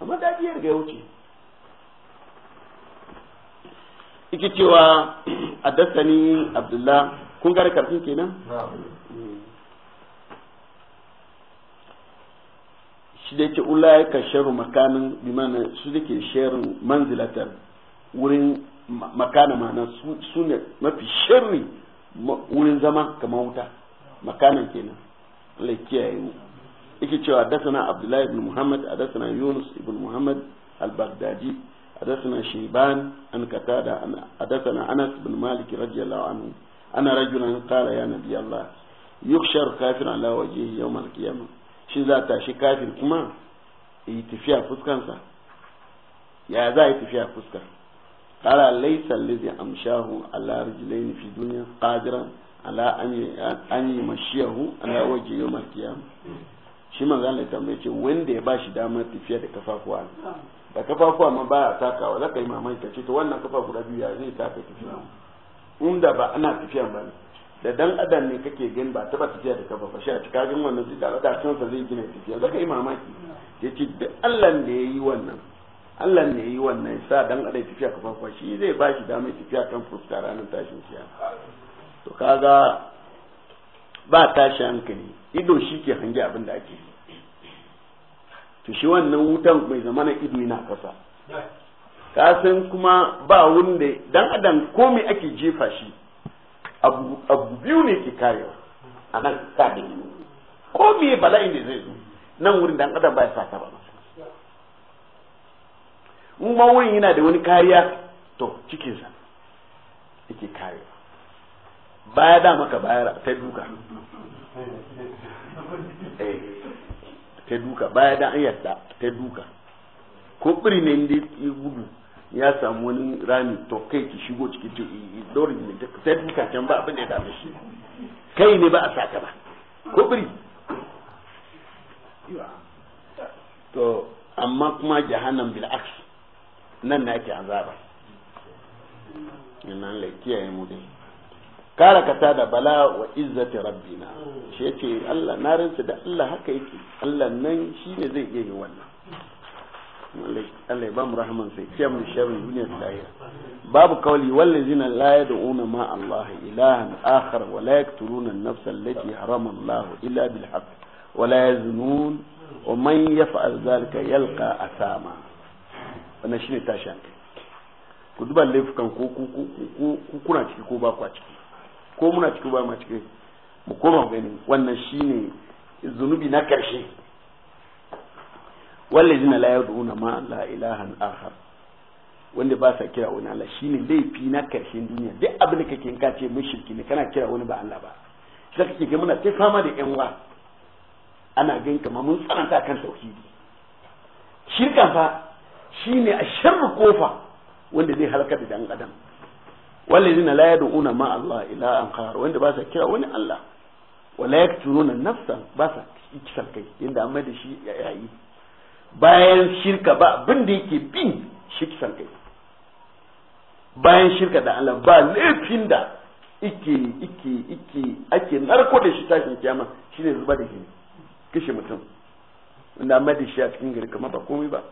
amma daɗi ya riga ya wuce iki cewa [CLEARS THROAT] addasani abdullah kun gare karfin kenan shi da yake ula ya ka sharu makamin bimana su da ke sharin manzilatar wurin makana ma'ana su ne mafi shirri wurin zama kamar wuta makanan kenan Allah kiyaye mu yake cewa hadathana Abdullahi ibn Muhammad adasana Yunus ibn Muhammad al-Baghdadi adasana Shayban an katada adasana Anas ibn Malik radiyallahu anhu ana rajulan qala ya nabi Allah yukhshar kafir ala wajhi yawm al-qiyamah shi za ta shi kafir kuma yi tafiya fuskansa ya za yi tafiya fuskansa قال ليس الذي امشاه على رجلين في الدنيا قادرا على ان يمشيه على وجه يوم القيامه shi man zan tambaye ce wanda ya bashi damar tafiya da kafafuwa da kafafuwa ma baya takawa zaka yi mamaki ka ce to wannan kafa guda biya zai taka tafiya inda ba ana tafiya ba da dan adam ne kake gani ba taba tafiya da kafa ba shi a cikin wannan zai da kansa zai gina tafiya zaka yi mamaki yace da Allah da yayi wannan Allah ne yi wannan sa dan adam tafiya kafafuwa shi zai ba shi damar tafiya kan fuska ranar tashin kiyama to kaga ba tashi hankali ido shi ke hange abin da ake yi to shi wannan wutan mai zamana ido yana kasa ka san kuma ba wanda dan adam komai ake jefa shi abu biyu ne ke karewa a nan ka da ko me bala'in da zai zo nan wurin dan adam ba ya saka ba in ma wurin yana da wani kariya to cikinsa yake kare baya da maka bayar ta duka eh ta duka baya da an yadda ta duka ko biri ne inda ya gudu ya samu wani rami to kai ki shigo cikin to dori ne ta duka can ba abin da ya dame shi kai ne ba a saka ba ko biri to amma kuma jahannam bil aks nan na ke azaba inna kiyaye mu dai kara kata da bala wa izzati rabbina shi yace Allah na rinsa da Allah haka yake Allah nan shine zai iya yin wannan Allah ya ba mu rahman sai kiyam mu sharri lahira babu kauli wallazina la yad'una ma Allah ilahan akhar wa la yaqtuluna an-nafsa allati harama Allah illa bil haqq wa la yaznun wannan shine tashi hankali ku duba laifukan ko ku kuna ciki ko ba ku a ciki ko muna ciki ba ma ciki mu koma gani wannan shine zunubi na karshe wallazina la yad'una ma la ilaha akhar wanda ba sa kira wani Allah shine laifi na karshen duniya duk abin da kake ka ce mushriki ne kana kira wani ba Allah ba shi kake ga muna ta fama da yan wa ana ganin kamar mun tsananta kan tauhidi shirkan fa shine a sharri kofa wanda zai halaka da dan adam zina la yad'una ma Allah ila an khar wanda ba sa kira wani Allah wala na nafsan ba sa kisan kai inda amma da shi yayi bayan shirka ba abin da yake bin shi kisan kai bayan shirka da Allah ba laifin da ike ike ike ake narko da shi tashin kiyama shine zuba da jini kishi mutum wanda amma da shi a cikin gari kamar ba komai ba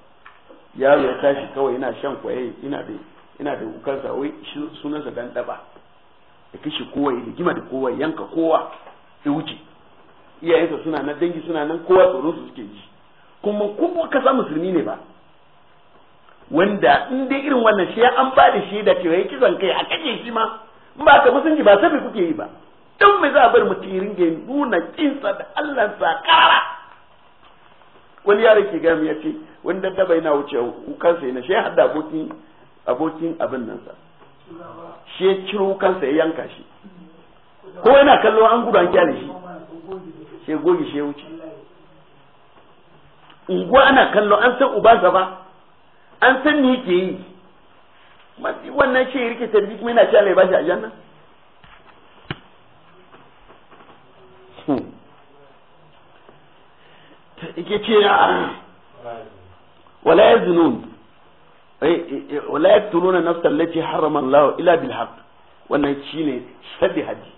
yaro ya tashi kawai yana shan kwaye ina da ina da sa wai sunansa dan daba da kishi kowa ya da kowa yanka kowa ya wuce iyayensa suna nan dangi suna nan kowa tsoron su suke ji kuma kuma kasa musulmi ne ba wanda in dai irin wannan shi an ba da shi da cewa ya zan kai a kaje shi ma in ba ka musulunci ba sai kuke yi ba don me za a bar mutum ringe nuna kinsa da Allah sa karara wani yaro ke gami ya ce wani daddaba yana wuce sai yana shi hadda abokin abokin abin nan sa shi ya ciro kansa ya yanka shi ko yana kallo an gudu an kyale shi shi goge shi ya wuce unguwa ana kallo an san uba zaba an san ni ke yi wannan shi rike tarbi kuma yana cewa ba shi a janna hmm. ike ce ah. wala yaznun wala yaqtuluna nafsa allati harrama Allah illa bil haqq wannan shine sadi haji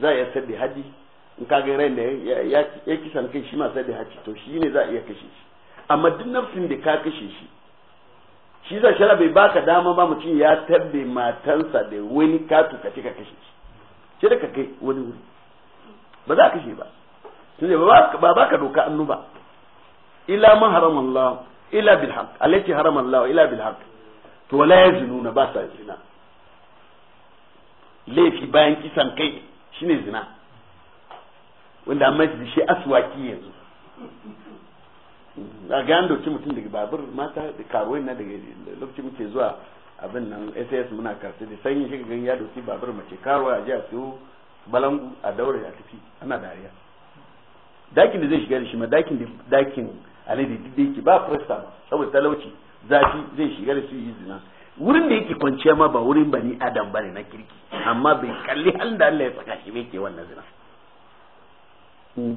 za iya sadi haji in ka ga ran da ya kisan kai shi ma sadi haji to ne za a iya kashe shi amma duk nafsin da ka kashe shi shi za shara bai baka dama ba mutum ya tabbe matansa da wani katu ka kashe shi sai da ka kai wani wuri ba za ka kashe ba tunda ba ba ka doka annu ba ila man haram Allah ila bil haqq allati harama Allah ila bil haqq to wala yazununa ba sa zina laifi bayan kisan kai shine zina wanda amma shi aswaki yanzu a ga doki mutum daga babur mata da karuwai na daga lokaci muke zuwa abin nan sas muna karsu da sanyin shi gan ya doki babur mace karuwa a jiya su balangu a daure a tafi ana dariya dakin da zai shiga da shi ma dakin dakin alade duk da yake ba presta saboda talauci zafi zai shiga da su yi zina wurin da yake kwanciya ma ba wurin bani adam bane na kirki amma bai kalli halin da Allah ya saka shi bai ke wannan zina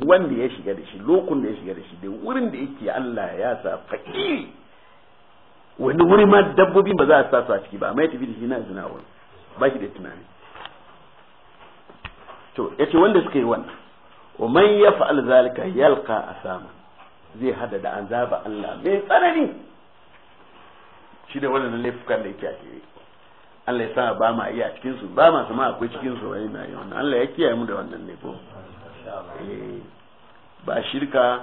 wanda ya shiga da shi lokun da ya shiga da shi da wurin da yake Allah ya sa fakiri wani wuri ma dabbobi ba za a sa su a ciki ba amma ya tafi da shi na zina wani ba shi da tunani to yace wanda suka yi wannan wa man yaf'al zalika yalqa asama zai hada da azaba Allah mai tsanani shi da wannan laifukan da yake a kere Allah ya sa ba ma iya cikin su ba ma sama akwai cikin su wai na yi Allah ya kiyaye mu da wannan ko. Eh, ba shirka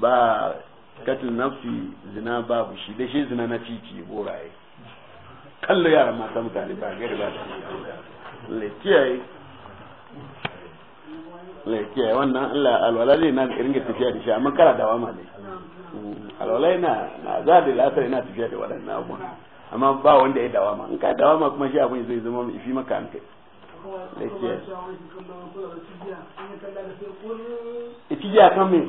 ba katil nafsi zina babu shi da shi zina na cici boraye kallo yara mata mutane ba gari ba da Allah ya kiyaye Allah kiyaye wannan Allah alwala zai na ga tafiya da shi amma kara dawa ma ne alwala na na za da lasar yana tafiya da waɗannan abu amma ba wanda ya dawama in ka dawama kuma shi abun zai zama ifi maka an kai da kan me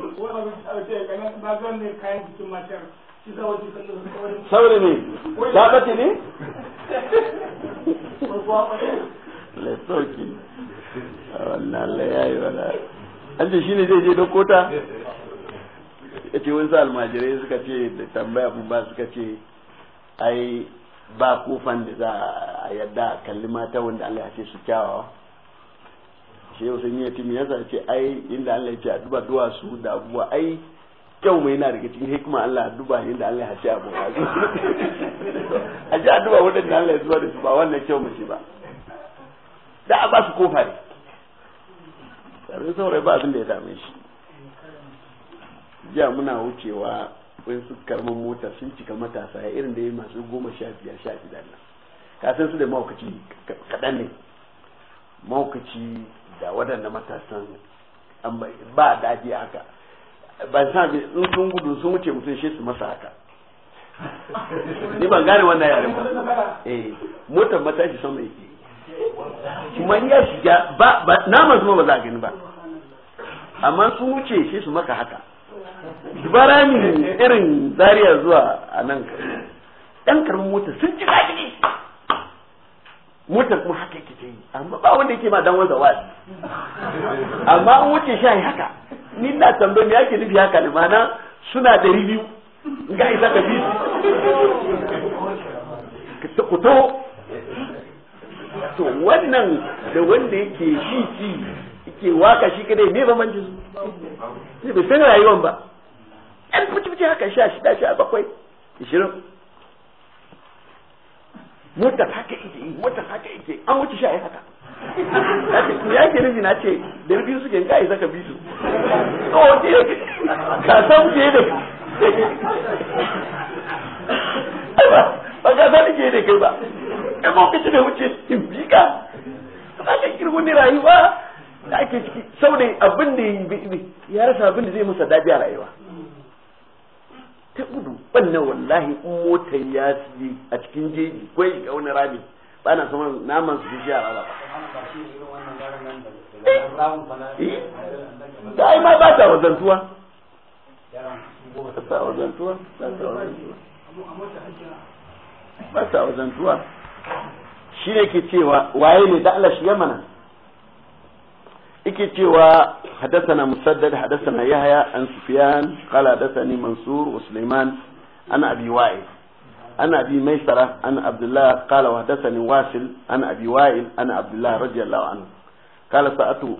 ne ne? [LAUGHS] wannan ya yi wala an ce shine zai je da kota ya ce wani almajirai suka ce da tambaya mun ba suka ce ai ba kofan da za a yadda a kalli mata wanda Allah ya ce su kyawawa shi yau sun yi yatim ya ce ai inda Allah ya ce a duba duwatsu da abubuwa ai kyau mai na daga cikin hikima Allah a duba inda Allah ya ce abu [LAUGHS] a ji a duba waɗanda Allah ya zuwa da su ba wannan kyau mace ba da a ba su kofa ne karin saurayi ba abin da ya dame shi jiya muna wucewa wani su karman mota sun cika matasa ya irin da ya masu goma sha biyar sha shida nan kasan su da maukaci kaɗan ne maukaci da waɗanda matasan ba daji haka ban sa in sun gudu sun wuce mutum shi su masa haka ni ban gane wannan yare ba eh motar matashi sama yake wani ya shiga ba ba nama zuma ba za a gani ba amma sun wuce shi su maka haka dubara ne irin zariya zuwa a nan ɗan karamin mota sun ci ne. motar kuma haka yake ta yi amma ba wanda yake ma dan wanda wasu amma an wuce shi a yi haka ni na tambaye me yake nufi haka ne mana suna da biyu ga isa ka bi su ku to wannan da wanda yake shi ci yake waka shi kadai me bambanci su ne bai san rayuwan ba ɗan fice-fice haka sha shida sha bakwai ishirin mota haka ike yi mota haka ike an wuce sha yi haka ya ke nufi na ce da rufi suke ga isa ka bi su ka san ke da ba ba ga za nake da kai ba a lokacin da wuce in bi ka ba ka kirgo ne rayuwa da ake ciki saboda abin da ya rasa abin da zai masa daɗi a rayuwa ta gudu wannan wallahi in motar ya siye a cikin jeji ko ya shiga wani rami ba na saman naman su shi a raba da eh, ai ma ba ta wazantuwa ba ta wazantuwa ba ta wazantuwa ba sa wazantuwa shi ne ke cewa waye ne da Allah shi ya mana ike cewa haddathana musaddad haddathana yahya an sufyan qala haddathani mansur wa sulaiman an abi wa'il an abi maisara an abdullah qala wa haddathani wasil an abi wa'il an abdullah radiyallahu anhu kala sa'atu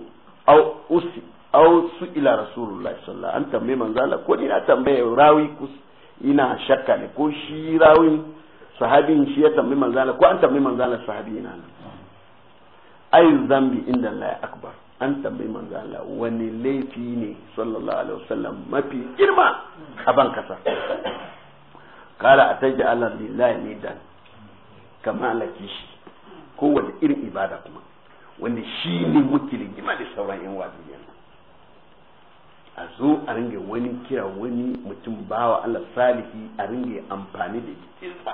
au su ila rasulullah an tambaye manzala ko ina tambaye rawi kusa ina shakka ne ko shi rawin sahabin shi ya tambi manzana ko an tambi manzana sahabi ina nan ayu zambi inda Allah akbar an tambi manzana wani laifi ne sallallahu alaihi wasallam mafi girma a ban kasa kala ataja Allah lillahi nidan kama kishi shi kowace irin ibada kuma wanda shi ne muke gima da sauran yan wasu a zo a ringe wani kira wani mutum bawa Allah salihi a ringe amfani da jikinsa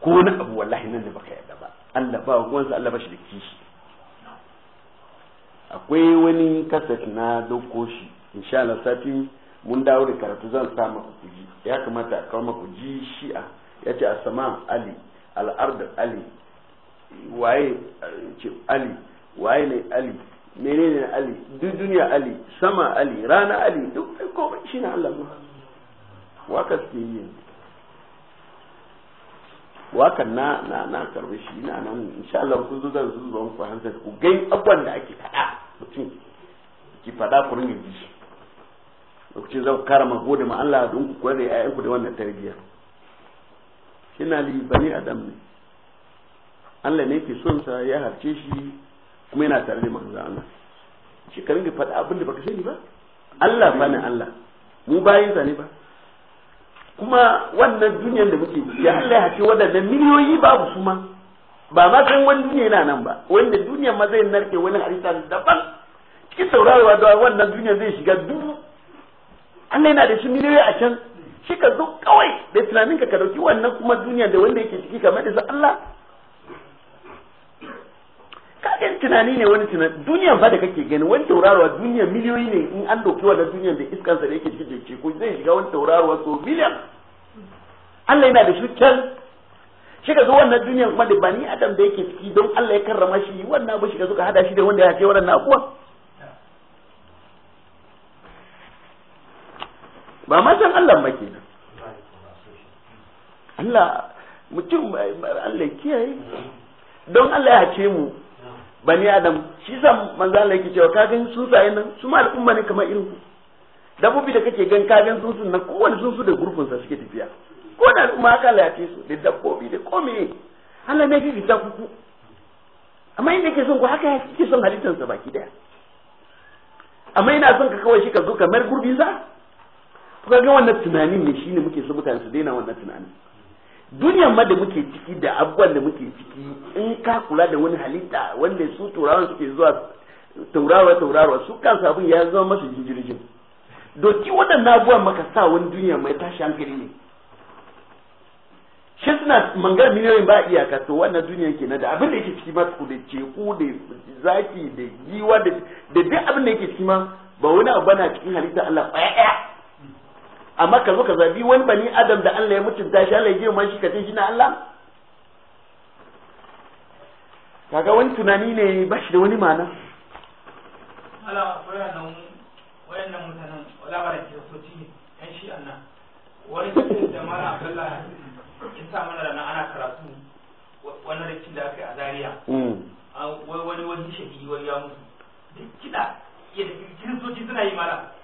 ko na abu wallahi nan ne baka yarda ba Allah ba wansa Allah ba shi da kishi akwai wani kasat na dauko shi insha Allah sati mun dawo da karatu zan sa maka kuji ya kamata a kawo maku ji shi'a ya ce a ali al'ardar ali waye eh, ce ali waye ne ali menene ali duk duniya ali sama ali rana ali duk komai ne Allah mu waka ce yi waka na na na karbi shi na nan insha Allah kun zo zan zo ku hanta ku gai abban da ake fada mutum ki fada ku ringa ji lokacin zan karama ma gode ma Allah don ku kware ku da wannan tarbiya shi na li bani adam ne Allah ne ke son sa ya harce shi kuma yana tare da manzo Allah shi ka ringa faɗa abin da baka sani ba Allah ba ne Allah mu bayin sa ne ba kuma wannan duniyar da muke ya Allah ya hace wadannan miliyoyi babu su ma ba ma san wani duniya yana nan ba wanda duniyar ma zai narke wani harita daban cikin saurarwa da wannan duniya zai shiga dubu Allah yana da shi miliyoyi a can shi ka zo kawai da tunanin ka ka dauki wannan kuma duniya da wanda yake ciki kamar da Allah kaɗin tunani ne wani tunani duniya fa da kake gani wani tauraruwa duniya miliyoyi ne in an dauki wannan duniyan da iskansa da yake cikin ce ko zai shiga wani tauraruwa so miliyan Allah yana da shi can shi ka zo wannan duniyan kuma da bani adam da yake ciki don Allah ya karrama shi wannan ba shi ka zo ka hada shi da wanda ya ce wannan akuwa ba ma san Allah ba kenan Allah mutum Allah kiyaye don Allah ya hace mu bani adam shi sa manzo Allah yake cewa ka gan tsuntsaye nan su ma al'umma ne kamar irin ku dabbobi da kake gan kafin gan tsuntsun nan kowanne tsuntsu da gurbin sa suke tafiya ko da al'umma aka lafi su da dabbobi da komai Allah ne yake ta ku amma inda yake son ku haka yake son halittar sa baki daya amma ina son ka kawai shi ka zo kamar gurbin sa to ga wannan tunanin ne shine muke so mutane su daina wannan tunanin duniyan ma da muke ciki da abubuwan da muke ciki in ka kula da wani halitta wanda su turawan suke zuwa taurawa taurawa su kan abin ya zama masa jirgin doki waɗannan abubuwan maka sa wani duniya mai tashi hankali ne shi suna mangar miliyoyin ba iyaka to wannan ke kenan da abin da yake ciki ma da ceku da zaki da giwa da duk abin da yake ciki ma ba wani abu bana cikin halitta Allah ɗaya amma ka zo ka zabi wani bani adam da Allah ya mutunta shi Allah ya girma shi ka ce shi na Allah kaga wani tunani ne ba shi da wani ma'ana Allah wayannan wayannan mutanen wala bara ke soci yan shi annan wani da mara Allah ya sa mana da ana karatu wannan rikin da aka yi a Zaria mm. wani wani shahidi wani ya mutu duk kida yadda kiristoci suna yi mana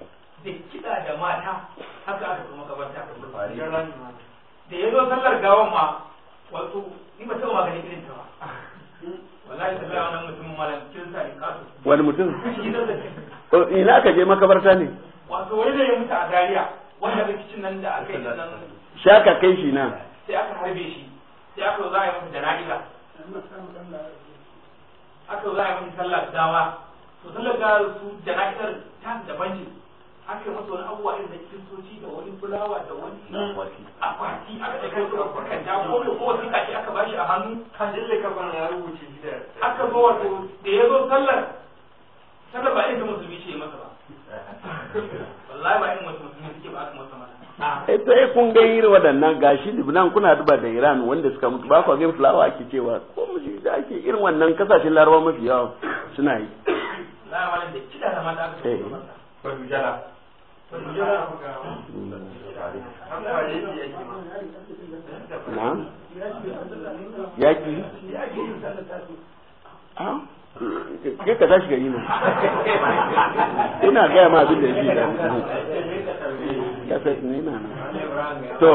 da kiɗa da mata haka aka kuma kabanta ta gurbari da ya zo sallar gawan ma wato ni ba taɓa maganin irin ta ba wallahi sallar wannan mutum malam kin sa ni kasu wani mutum ina aka je makabarta ne wato wani da ya mutu a dariya. wanda rikicin nan da aka yi nan shaka kai shi na sai aka harbe shi sai aka za a yi da jana'iza aka za a yi masa sallar dawa to sallar gawa su jana'izar ta daban ce aka masa wani abubuwa irin da kiristoci da wani fulawa da wani akwati aka da kai suka kwakanta ko da ko wani kashi aka bashi a hannu kan dille ka bana ya rubuce shi da aka zo wato da ya zo sallar sallar ba inda musulmi ce masa ba wallahi ba inda musulmi suke ba aka masa ita eh, kun ga irin waɗannan gashi Libnan kuna duba da Iran wanda suka mutu ba ku ake cewa ko mu da ake irin wannan kasashen Larabawa mafi yawa suna yi. Na da kida da mata aka fahimjala yaki ah. kai ka tashi gari nan ina gaya ma abin da ya fi da kasas ne na to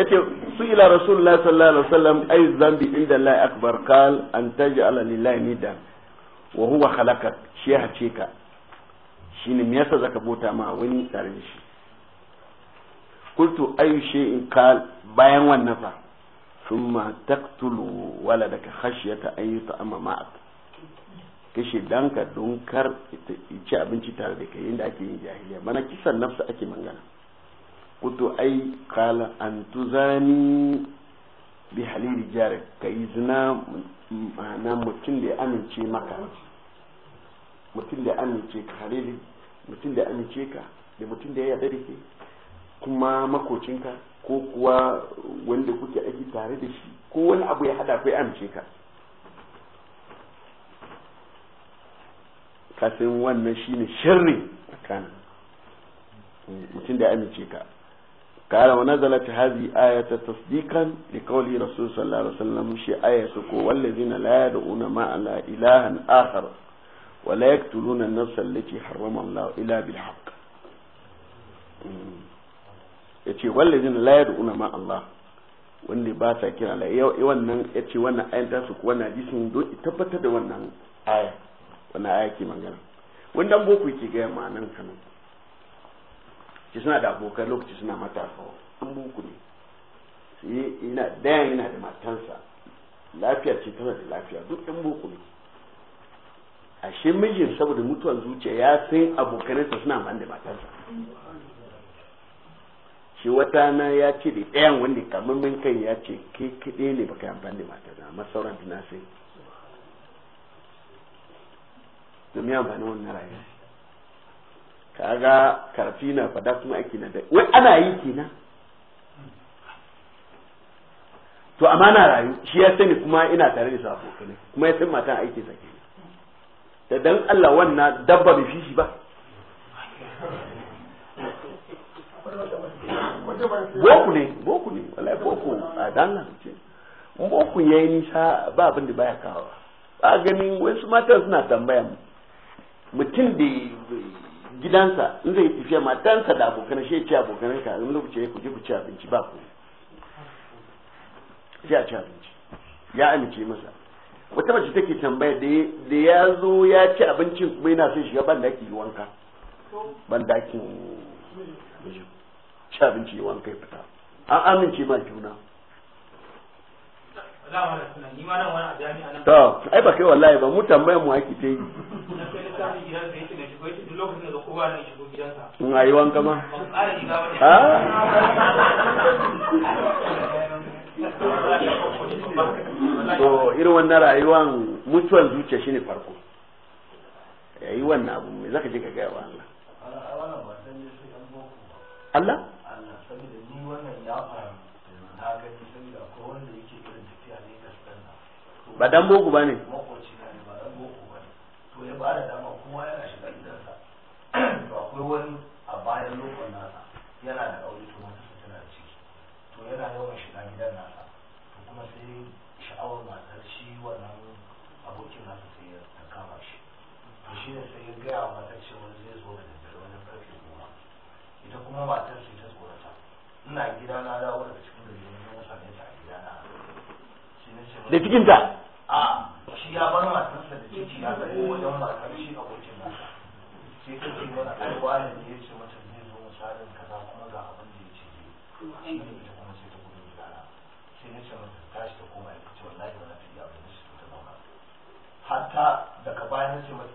yace su ila rasulullah sallallahu alaihi wasallam ay zambi inda Allah akbar kal an taj'ala lillahi nidan wa huwa khalaqak shi ya ce ka shine me yasa ka bota ma wani tare da shi kultu ayu in ka bayan wannan fa sun ma wala thumma ta waladaka ta an yut'ama ma'ak kashe ka don kar ci abinci tare da kai inda ake yin jahiliya mana kisan nafsa ake mangana kultu ayi kala an tuzani bi halili jarik yi zina ma'ana mutum da ya amince maka mutum da ya amince ka halili mutum da amince ka da mutum da ya yarda da ke kuma makocinka ko kuwa wanda kuke aiki tare da shi ko wani abu ya hada kai amince ka kasin wannan shine a kan mutum da amince ka قال ونزلت هذه آية تصديقا لقول رسول صلى الله عليه وسلم شيء آية سكو والذين لا يدعون مع إلها آخر ولا يقتلون النفس التي حرم الله الا بالحق yace wallazin la yad'una ma Allah wanda ba sa kira la yau wannan yace wannan ayan ta su wannan hadisin don tabbatar da wannan aya wannan aya ke magana wanda boko yake ga ma'anan kanan ki suna da abokai lokaci suna matasa an boko ne sai ina da yana da matansa lafiya ce tana da lafiya duk an boko ne ashe mijin saboda mutuwar zuciya ya san abokanansa suna ban da matarsa shi wata na ya ce da ɗayan wanda kamar min kai ya ce ke kiɗe ne baka amfani da matarsa amma sauran na sai domin amfani wannan rayuwa kaga karfi na fada kuma ake na da wai ana yi kenan to amana rayu shi ya sani kuma ina tare da su abokanai kuma ya san matan aiki sa kenan da dan Allah wannan dabba bai fi shi ba boku ne boku ne wallahi boku a nan ce boku yayi nisa ba abin da baya kawo ba ganin wasu mata suna tambaya mutum da gidansa in zai dan matansa da abokan shi ya ce abokan ka in lokaci ya kuje ku ci abinci ba ku ya a ci abinci ya amince masa wata mace take tambaya da ya zo ya ci abincin kuma yana son shiga ban daki wanka ban dakin ci abinci yi wanka ya fita an amince ma juna to ai ba kai wallahi ba mu tambayar mu ake ta yi in a yi wanka ma ha [LAUGHS] to irin wannan rayuwan mutuwan zuciya shine farko yayi wannan abu me zaka je ka ga wa Allah Allah ba dan boku ba ne ba dan boko ba to ya ba da dama kowa yana shiga gidansa to akwai wani kuma matar ta tsorata ina gida na dawo daga cikin gari ne ta gida na da cikin a shi ya bar sa da ciki ya tafi wajen matar shi abokin nasa sai ta ce mana ai wani ne ya mata zai zo misalin kaza kuma ga abin da ya ce shi ne ta ya hatta daga bayan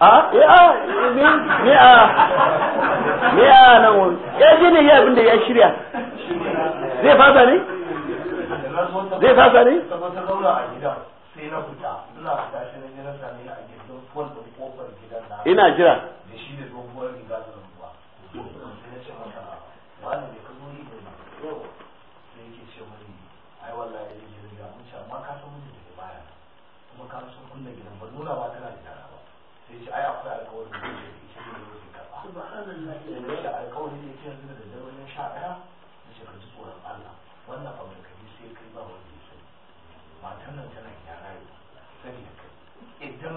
a ya ne a ne a nan wani ya je ne ya abin da ya shirya zai fasa ne zai fasa ne ina jira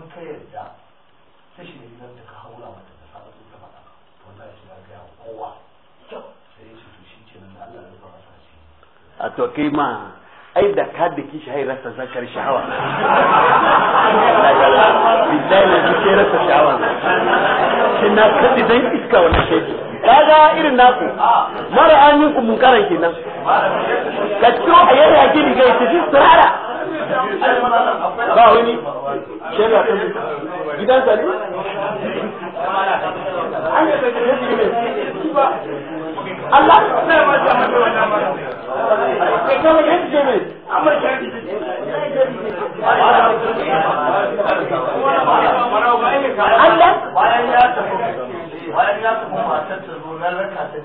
in ka yarda ta shi gidan da ka haura mata da sa ta faɗa to za shi ya gaya wa kowa sai ya ce to shi ke nan da Allah ya rufa sa shi a to kai ma ai da ka da ki shahai rasa zakar shahawa billahi na ji rasa shahawa shi na kadi dan iska wannan shege kaga irin naku mara an yi ku munkaran kenan ka ciro a yadda ake diga ya tafi sirara ba wani shaida ta mutu kuma ne ce ne amma Allah ya zo na da ta shi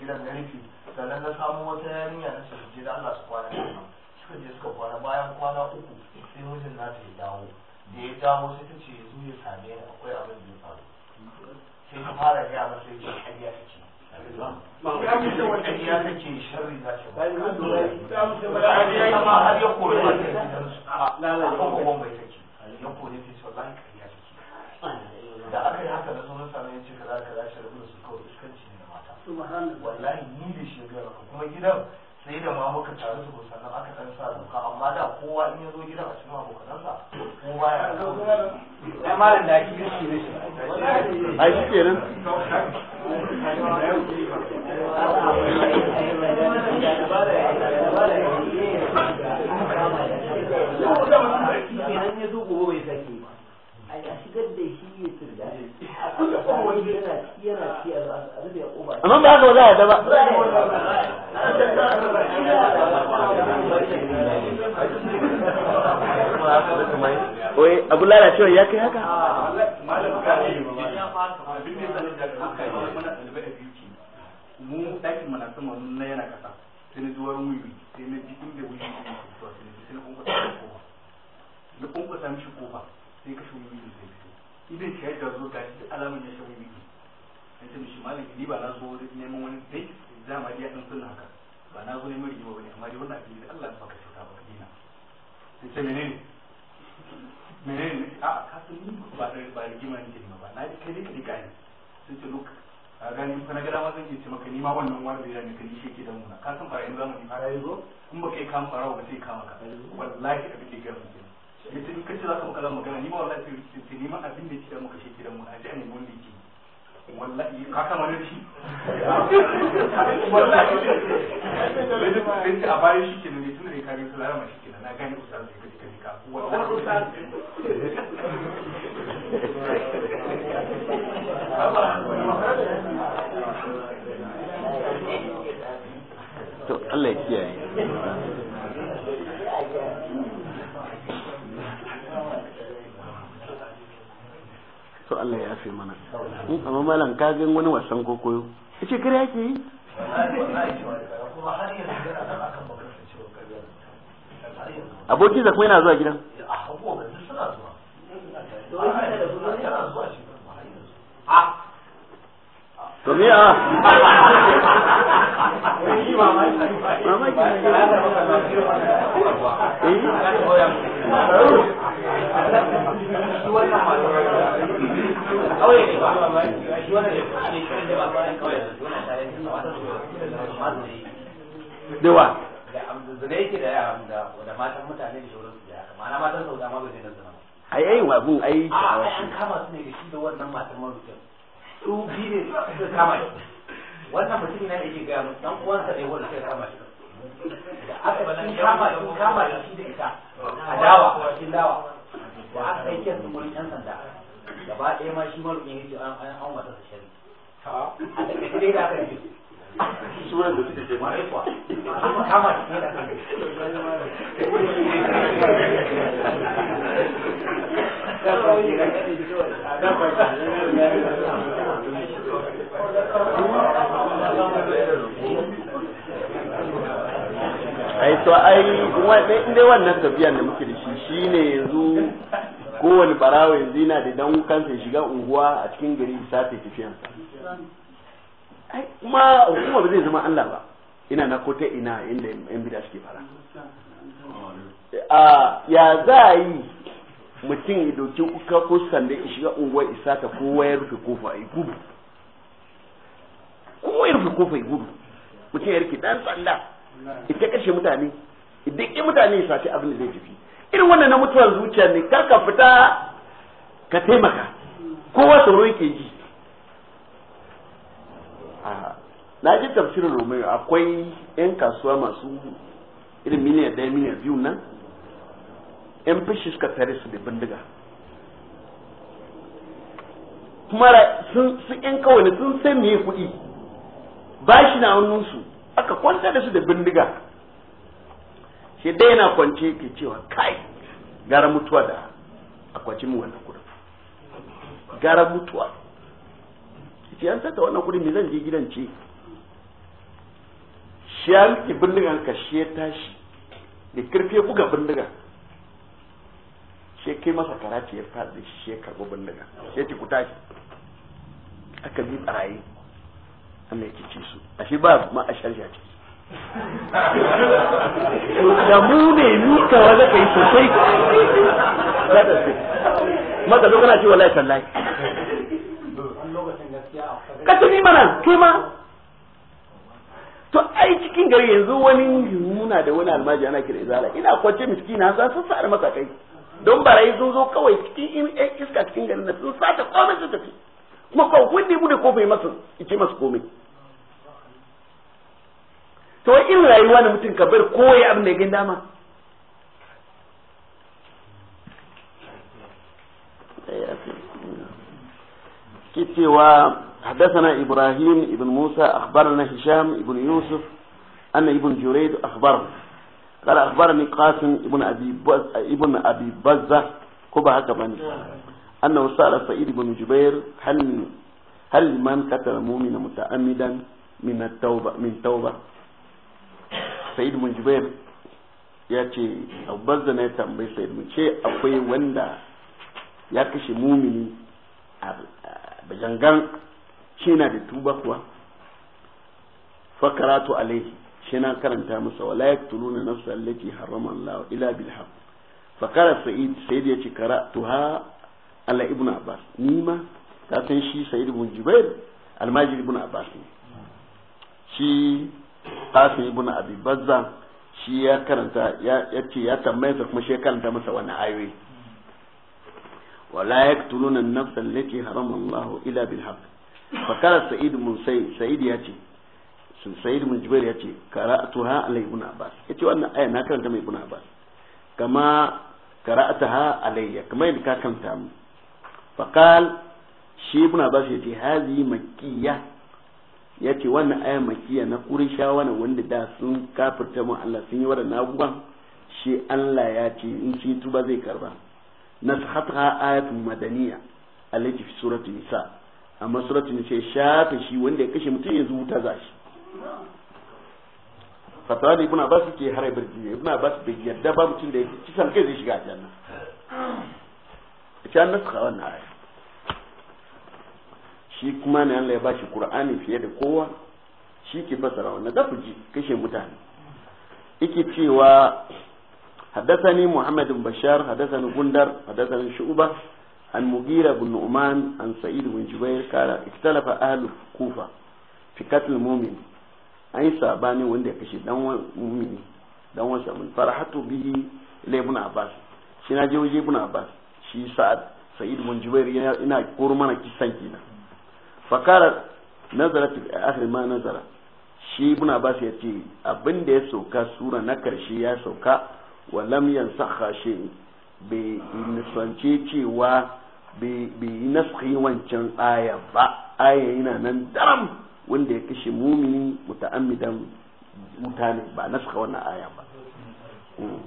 gidan da rufi sannan na wata yarinya na su je Allah suka je suka kwana bayan kwana uku sai mijin nata ya dawo da ya dawo sai ta ce ya same ni akwai abin da ya faru sai ta fara gaya masa ya ce ta ta a bai ce da aka yi haka da sunan sami ya kaza kaza shi rabu da su kawai iskanci ne da mata wallahi ni da shi ya kuma gidan sai da ma muka taru su nan aka dan sa zuka amma da kowa in ya zo gidan a cikin abokan abokanansa kowa ya da malam da ake gishi ne shi ai shi kenan a ya shigar da a a amma ba haka ba za a yi ba wai abu ya kai haka mu ɗakin mana sama na yana kasa sai na zuwa wiwi sai na ji inda wiwi ne sai na kofa na mishi kofa sai kashe ne sai fito idan shi alamun ya shi ne sai mishi ni ba na zo neman wani haka ba na zo ne mai rigima bane amma dai wannan abin da Allah ya baka kyauta ba dina in ce menene menene a ka san ni ba da ba rigima ne ke ba na ji kai ne ka diga ni sai ce look a gani fa na gada ma zan ce maka ni ma wannan wanda ya ne kai shi ke da muna ka san ba yanzu zama ni fara zo in ba kai kama fara ba sai ka maka wallahi abin da ke ya ce in kace za ka maka magana ni ma wallahi sai ni ma abin da ce da muka shi da muna a an yi wanda yake wallahi ka kama da shi wallahi sai a bayan shi kenan ne tunda kare su salama shi kenan na gane ustaz da kake ka wallahi ustaz to Allah ya kiyaye so Allah ya fi mana amma malam ka gani wani wasan kokoyo yace kare yake yi aboki da kuma yana zuwa gidan to me a [LAUGHS] mamaki eh? da wa da matan mutane da shauransu da haka ma'ana matan sau da ma ne zai zama ai ai wa bu ai a an kama su ne da shi da wannan matan marubucin su biyu ne suka kama shi wannan mutum na yake gaya musu dan uwansa ne wanda suka kama shi da aka sun kama sun kama da shi da ita a dawa a cikin dawa da aka kai kyan sun wurin yan sanda gaba ɗaya ma shi yake an an wata ta shari a da kan suke jama'a ya kuwa kuma kama da ai to ai inda wannan tafiyan da muke da shi shine yanzu kowane barawa yanzu yana da dan kansa shiga unguwa a cikin gari sace tafiyansa kuma hukuma ba zai zama Allah ba ina na kota ina inda yan bida suke fara a ya za a yi mutum ya dauki kuka ko sanda ya shiga unguwa isa ta kowa ya rufe kofa a gudu kowa ya rufe kofa a gudu mutum ya rike dan sanda ita kashe mutane idan mutane ya sace abin da zai tafi irin wannan na mutuwar zuciya ne kar ka fita ka taimaka kowa sauro yake ji na ji tafsirin romeo akwai 'yan kasuwa masu irin miliyan ɗaya miliyan biyu nan 'yan fishi suka tare su da bindiga kuma sun yan kawai sun san me kuɗi bashi na hannunsu aka kwanta da su da bindiga shi dai yana kwance yake cewa kai gara mutuwa da a kwaci mu wannan kudin gara mutuwa shi an sata wannan kudin me zan je gidan ce shi an rike bindigan ka shi ya tashi da kirfe buga bindiga shi kai masa karaci ya fadi shi ya karɓi bindiga shi ya ci ku tashi aka bi tsaraye a mai kice su shi ba ma a sharja ciki da mu ne mikawa zaka yi sosai za mata zo kana ce wallahi tallahi ka tuni mana ke ma to ai cikin gari yanzu wani nuna da wani almaji ana kira izala ina kwace miskina sa sun sa masa kai don barayi sun zo kawai cikin in eh, iska cikin garin na sun ta komai su tafi kuma kawai wanda ya bude kofai masu ice masu komai to irin rayuwa na mutum ka bar koyi abin da ya gani dama كتوى حدثنا إبراهيم ابن موسى أخبرنا هشام ابن يوسف أن ابن جريد أخبرنا قال أخبرني قاسم ابن أبي بز ابن أبي بزة كبه كبني أنه سأل سعيد بن جبير هل هل من قتل مؤمنا متعمدا من التوبة من توبة sa'id mun jubair ya ce abubazza na ya tambayi sa'id bin ce akwai wanda ya kashe mumini a bajangan shi na da tuba kuwa fakaratu alaihi shi na karanta masa wala yaqtuluna nafsa allati harrama Allah ila bil haqq fakara sa'id sa'id ya ce karatuha ala ibn abbas ni ma ka san shi sa'id mun jubair almajiri ibn abbas ne shi qasim ibn abi bazza shi ya karanta ya ce ya tambaye sa kuma shi ya karanta masa wani ayoyi wala yaqtuluna an-nafsa allati harama Allah illa bil haqq fa kana sa'id ibn sa'id ya ce sun sa'id ibn jubair ya ce qara'tuha alai ibn abbas yace wannan aya na karanta mai ibn abbas kama qara'ataha alayya kama yadda ka karanta mu fa qal shi ibn abbas ya ce hazi makkiyya ya ce wannan ayan makiya na ƙurishawa ne wanda da sun kafirta mu Allah sun yi waɗannan guban shi Allah ya ce in shi tuba zai karba nasahata ayatun madaniya alati fi suratul nisa amma suratul nisa shafe shi wanda ya kashe mutum ya zuta za shi fatawa da ibn ke harai birji ibn basu bai yarda ba mutum da ya ci san kai zai shiga aljanna ita nasaha wannan aya shi kuma ne Allah ya bashi Qur'ani fiye da kowa shi ke fasara wannan da ji kashe mutane yake cewa haddathani Muhammad bin Bashar haddathani Gundar haddathani Shu'ba an Mughira bin Uman an Sa'id bin Jubair kala iktalafa ahlu Kufa fi qatl mu'min ai sabani wanda ya kashe dan mumin dan wasa mun farahatu bihi ibn Abbas shi na je wajen ibn Abbas shi Sa'ad Sa'id bin Jubair ina kuma mana kisan kina fakara nazara akhir ma nazara shi ibn abbas ya ce abin da ya sauka sura na karshe ya sauka wa lam yansakha shi bai nisance cewa bai yi naskhi wancan aya ba aya yana nan daram wanda ya kashe mumini muta'ammidan mutane ba naskha wannan aya ba hmm.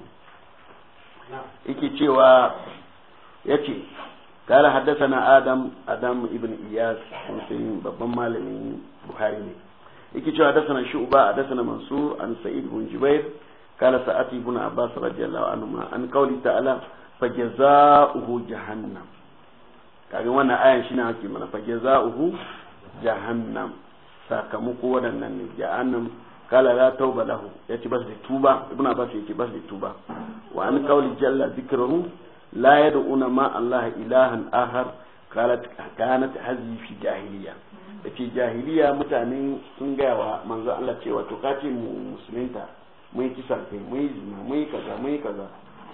yake cewa yace قال حدثنا ادم ادم ابن اياس حسين بابا مالمي بخاري yake cewa hadasana shu'ba hadasana mansur an سعيد بن جبير kala sa'ati ibn عباس رضي الله an qawli ta'ala تعالى jazaohu جهنم kaga wannan ayan shine hake mana fa jazaohu jahannam sakamako wadannan ne jahannam kala la tauba lahu yace bas da tuba ibn abbas yace bas da tuba wa an qawli jalla la yad'una ma Allah ilahan ahar qalat kanat hazi fi jahiliya yace jahiliya mutane sun gaya wa manzo Allah cewa to kace mu musulunta mun yi kisan mun yi zina mun yi kaza mun yi kaza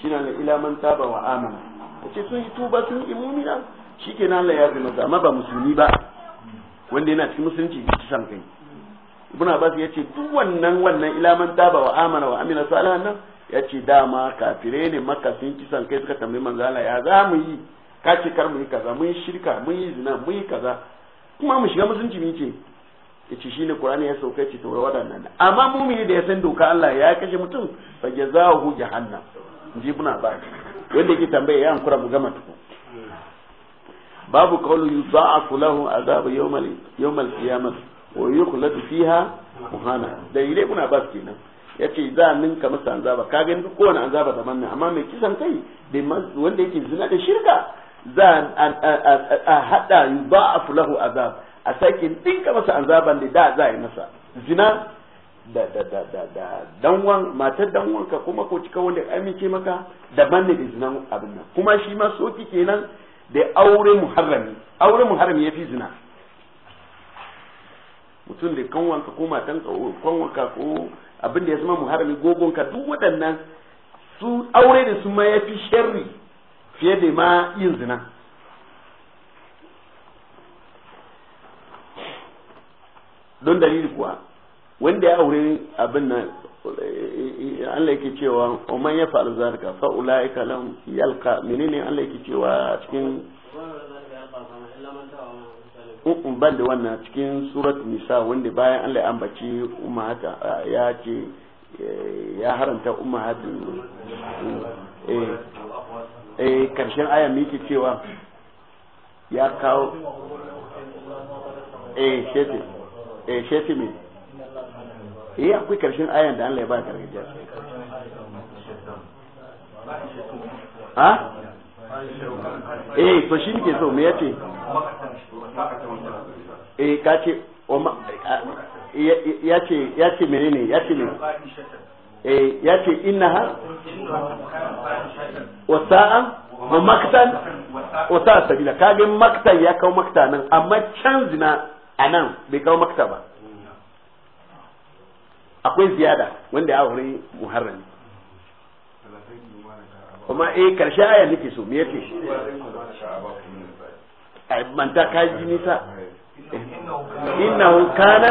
shine la ila man taba wa amana yace sun yi tuba sun yi mu'mina shikenan Allah ya zama amma ba musulmi ba wanda yana cikin musulunci kisan kai ibn abbas ya ce duk wannan wannan ilaman taba wa amana wa amina salihan nan ya ce dama kafire ne maka sun kisan kai suka tambayi manzala ya za mu yi ka ce kar mu yi kaza mun yi shirka mun yi zina mun yi kaza kuma mu shiga musulunci mu ce ya ce ne kurani ya sauka ce taura waɗannan amma mumini da ya san doka Allah ya kashe mutum fa hu jahannam ji buna ba wanda yake tambaya ya ankura mu gama tuku babu qawlu yudha'afu lahu azabu yawmal yawmal qiyamah wa yukhladu fiha muhana da ile buna ba kenan yace za a ninka masa ka kaga duk kowane azaba daban ne amma mai kisan kai da wanda yake zina da shirka za a hada a fulahu azab a sake dinka masa azaban da da za a yi masa zina da da da da da danwan matar ka kuma ko cika wanda amince maka daban ne da zinan abin nan kuma shi ma soki kenan da aure muharrami aure muharrami yafi zina mutum da kanwanka ko matanka ko kanwanka ko abin da ya zama muharami gogonka duk waɗannan su aure da su ma ya fi sharri fiye da ma yin zina don dalili kuwa wanda ya aure abin nan eh, Allah yake cewa umman ya fa'al zalika fa ulaika lahum yalqa menene Allah yake cewa cikin ukun ban da wannan cikin surat nisa wanda bayan Allah ya ambaci umma ya ce eh, ya haranta umma haka eh eh karshen aya miki cewa ya kawo eh shefe eh shefe me eh akwai karshen ayan da Allah ya ba gargajiya ha eh to shi nike so me yace eh ka ce eh, ya ce ya ce menene ya ce eh ya ce innaha wasa'a wa maktan wasa'a sabila kage maktan ya kawo makta nan amma can zina anan bai kawo makta ba akwai ziyada wanda ya aure muharrami kuma eh karshe aya nake so me manta ka ji nisa innahu kana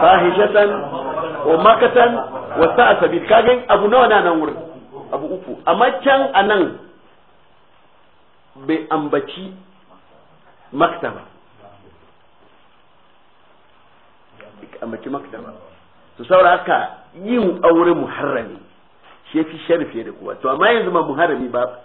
fahishatan wa makatan wa sa'a sabil kagan abu nawa na nan wurin abu uku amma can nan. bai ambaci maktaba ambaci maktaba to saboda haka yin aure muharrami shi yafi sharifi da kuwa to amma yanzu ma muharrami ba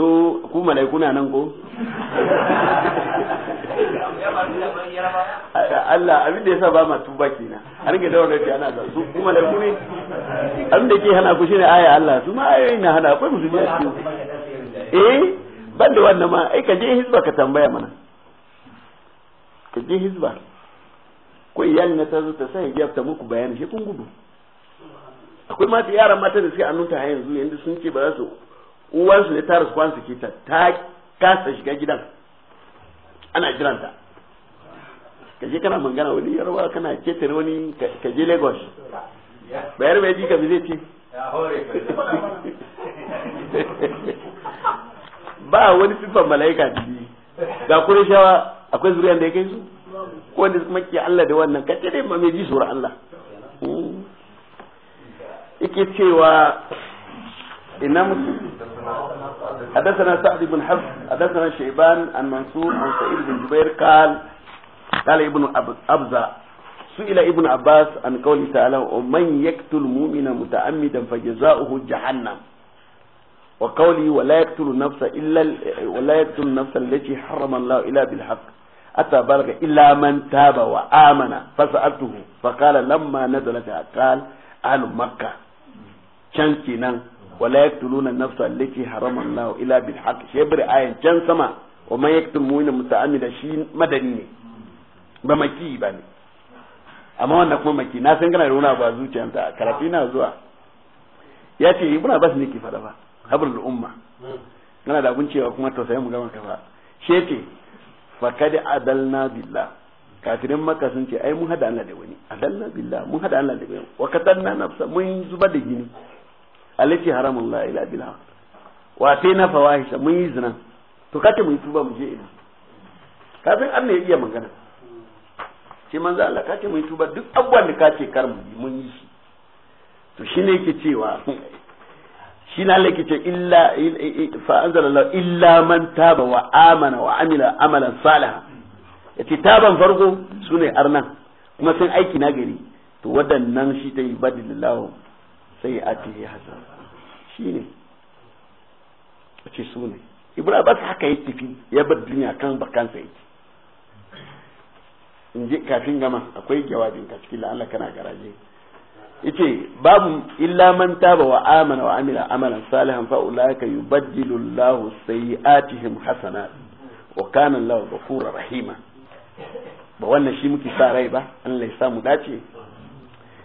so ku malaiku na nan ko Allah abin da yasa ba ma tuba kina an ga dawo da ana da su ku malaiku ne abin da ke hana ku shine aya Allah su ma ayoyi na hana akwai musulmi a su eh ban da wannan ma ai ka je hizba ka tambaya mana ka je hizba ko iyali na ta zo ta sai hijab ta muku bayani shi kun gudu akwai ma yaran mata da suke annunta yanzu yanda sun ce ba za su uwansu ne ta rasu kwan suke ta ta kasa shiga gidan ana jiranta ka je kana mangana wani yarwa kana ketare wani ka je lagos bayar mai ji ka bi zai ci [LAUGHS] ba wani siffar mala'ika ciki ga kuri shawa akwai zuriyar da ya kai su ko wanda kuma ke Allah da wannan kace dai ma mai ji sura Allah ike hmm. cewa ina musu حدثنا سعد بن حفص حدثنا شيبان عن منصور عن سعيد بن جبير قال قال ابن أبزة سئل ابن عباس عن قوله تعالى ومن يقتل مؤمنا متعمدا فجزاؤه جهنم وقوله ولا يقتل نفسا الا ولا يقتل نفسا التي حرم الله الا بالحق اتى بلغ الا من تاب وامن فسالته فقال لما نزلت قال اهل مكه كان wala yaqtuluna an-nafsa allati harama Allah illa bil haqq shebir ayan can sama wa man yaqtul mu'mina muta'ammida shi madani ne ba maki ba ne amma wannan kuma maki na san kana rona wani ba zuciyarta karafi na zuwa ya ce ibn abbas ne ke fada ba habrul umma kana da abun cewa kuma tausayin mu gama ka ba shi yace fakad adalna billah kafirin makka sun ce ai mun hada Allah da wani adalna billah mun hada Allah da wani wa katanna nafsa mun zuba da gini alati haramun la ila bil haq wa sai na fawahisha mun yi zina to kace mun yi tuba mu je ina kafin Allah ya iya magana shi manzo Allah kace mun yi tuba duk abubuwan da kace kar mun yi shi to shine yake cewa shi na Allah ce illa fa anzalallahu illa man taba wa amana wa amila amalan salihan yace taban farko sune arnan kuma sun aiki na gari to waɗannan shi ta yi sai shi hasan a ce su ne ibrahim abbas haka ya tafi ya bar duniya kan bakansa yake in ji kafin gama akwai jawabin ka cikin la'ala kana garaje ce babu illa manta ba wa amana wa amila amalan salihan fa ulaika yi Allahu sayyi'atihim hasana wa kana lawa bakura rahima ba wannan shi muke sa rai ba an ya samu dace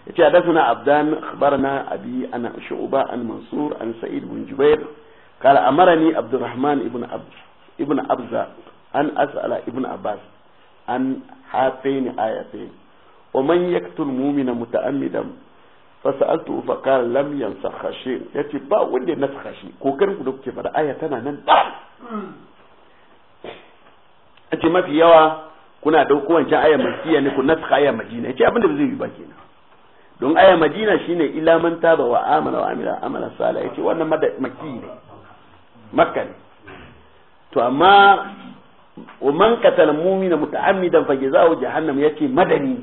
yace hadathuna abdan akhbarana abi an shu'ba an mansur an sa'id bin jubair qala amarani abdurrahman ibn abd ibn abza an as'ala ibn abbas an hatain ayatain ومن يقتل مؤمنا متعمدا فسألته فقال لم ينسخ شيء يتي با وند نسخ شيء kokarin ku da kuke fara aya tana nan da yace mafi yawa kuna dauko wancan aya makiya ne ku nasakha aya madina yace abinda ba zai yi ba kenan don aya madina shine illa man taba wa amana wa amila amala sala yace wannan maki ne makka ne to amma wa man qatala mu'mina muta'ammidan fa jazaa'u jahannam yace madani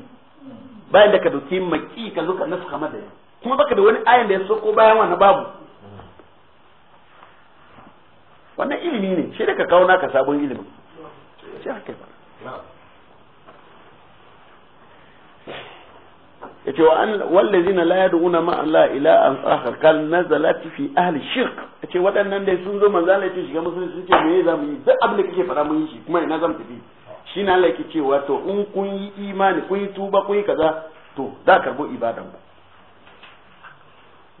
bayan da ka dauki makki ka zo ka nasuka madani kuma baka da wani ayan da ya soko bayan wannan babu wannan ilimi ne shi da ka kawo naka sabon ilimi shi haka ba yace wa wallazina la yad'una ma la ilaha an akhar kal nazalat fi ahli shirk yace waɗannan dai sun zo manzo Allah ya shiga musulunci ce me za mu yi duk abin da kike fara mun yi shi kuma ina zan tafi shi na Allah yake cewa to in kun yi imani kun yi tuba kun yi kaza to za go ibadan ku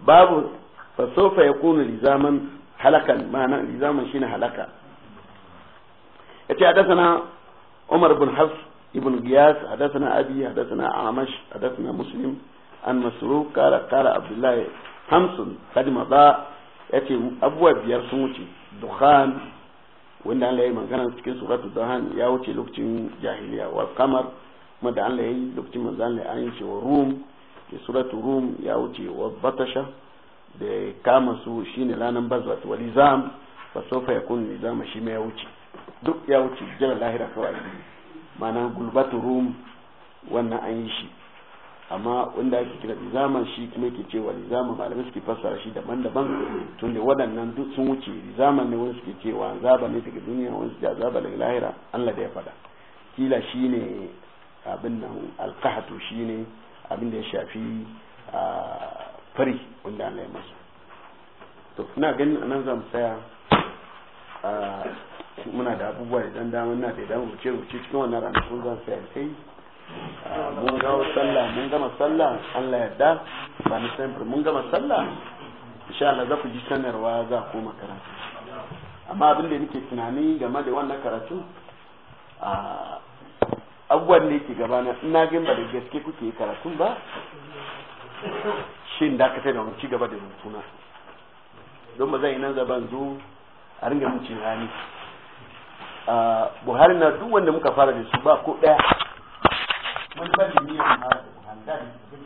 babu fa sofa yakunu lizaman halakan ma'ana lizaman shine halaka yace hadathana Umar bin Hafs ابن غياس حدثنا أبي حدثنا عامش حدثنا مسلم عن مسروق قال قال عبد الله خمس قد مضى yace abubuwa biyar sun wuce duhan wanda Allah ya yi magana cikin suratul duhan ya wuce lokacin jahiliya wal kamar kuma da Allah ya yi lokacin manzon Allah an ce wa rum da suratul rum ya wuce wa batasha da kama su shine ranan bazwat wal izam fa sawfa yakun izama shi ma ya wuce duk ya wuce jira lahira kawai mana gulbatu rum wannan an yi shi amma wanda ake kira lizaman shi kuma yake cewa lizaman malamai suke fassara shi daban-daban tun da waɗannan duk sun wuce lizaman ne wani suke cewa zaba ne daga duniya wani suke zaba daga lahira Allah da ya faɗa kila shi ne abin nan alkahatu shi ne abin da ya shafi fari wanda Allah ya masa to ina ganin anan zamu tsaya muna da abubuwa da dan dama na da idan wuce ce ce cikin wannan ranakun zan sai kai ah, mun ga sallah mun gama sallah Allah ya da ba ni sai mun gama sallah insha Allah za ku ji sanarwa za ku makaranta amma abin da nake tunani game da wannan karatu a ah, abubuwan da yake gabana ina ga ba da gaske kuke karatu ba shin da ka sai da ci gaba da rubutuna don ba zan yi nan zaban zo a ringa mun ci rani buhari na duk wanda muka fara da su ba ko daya mun fara da niyyar buhari da buhari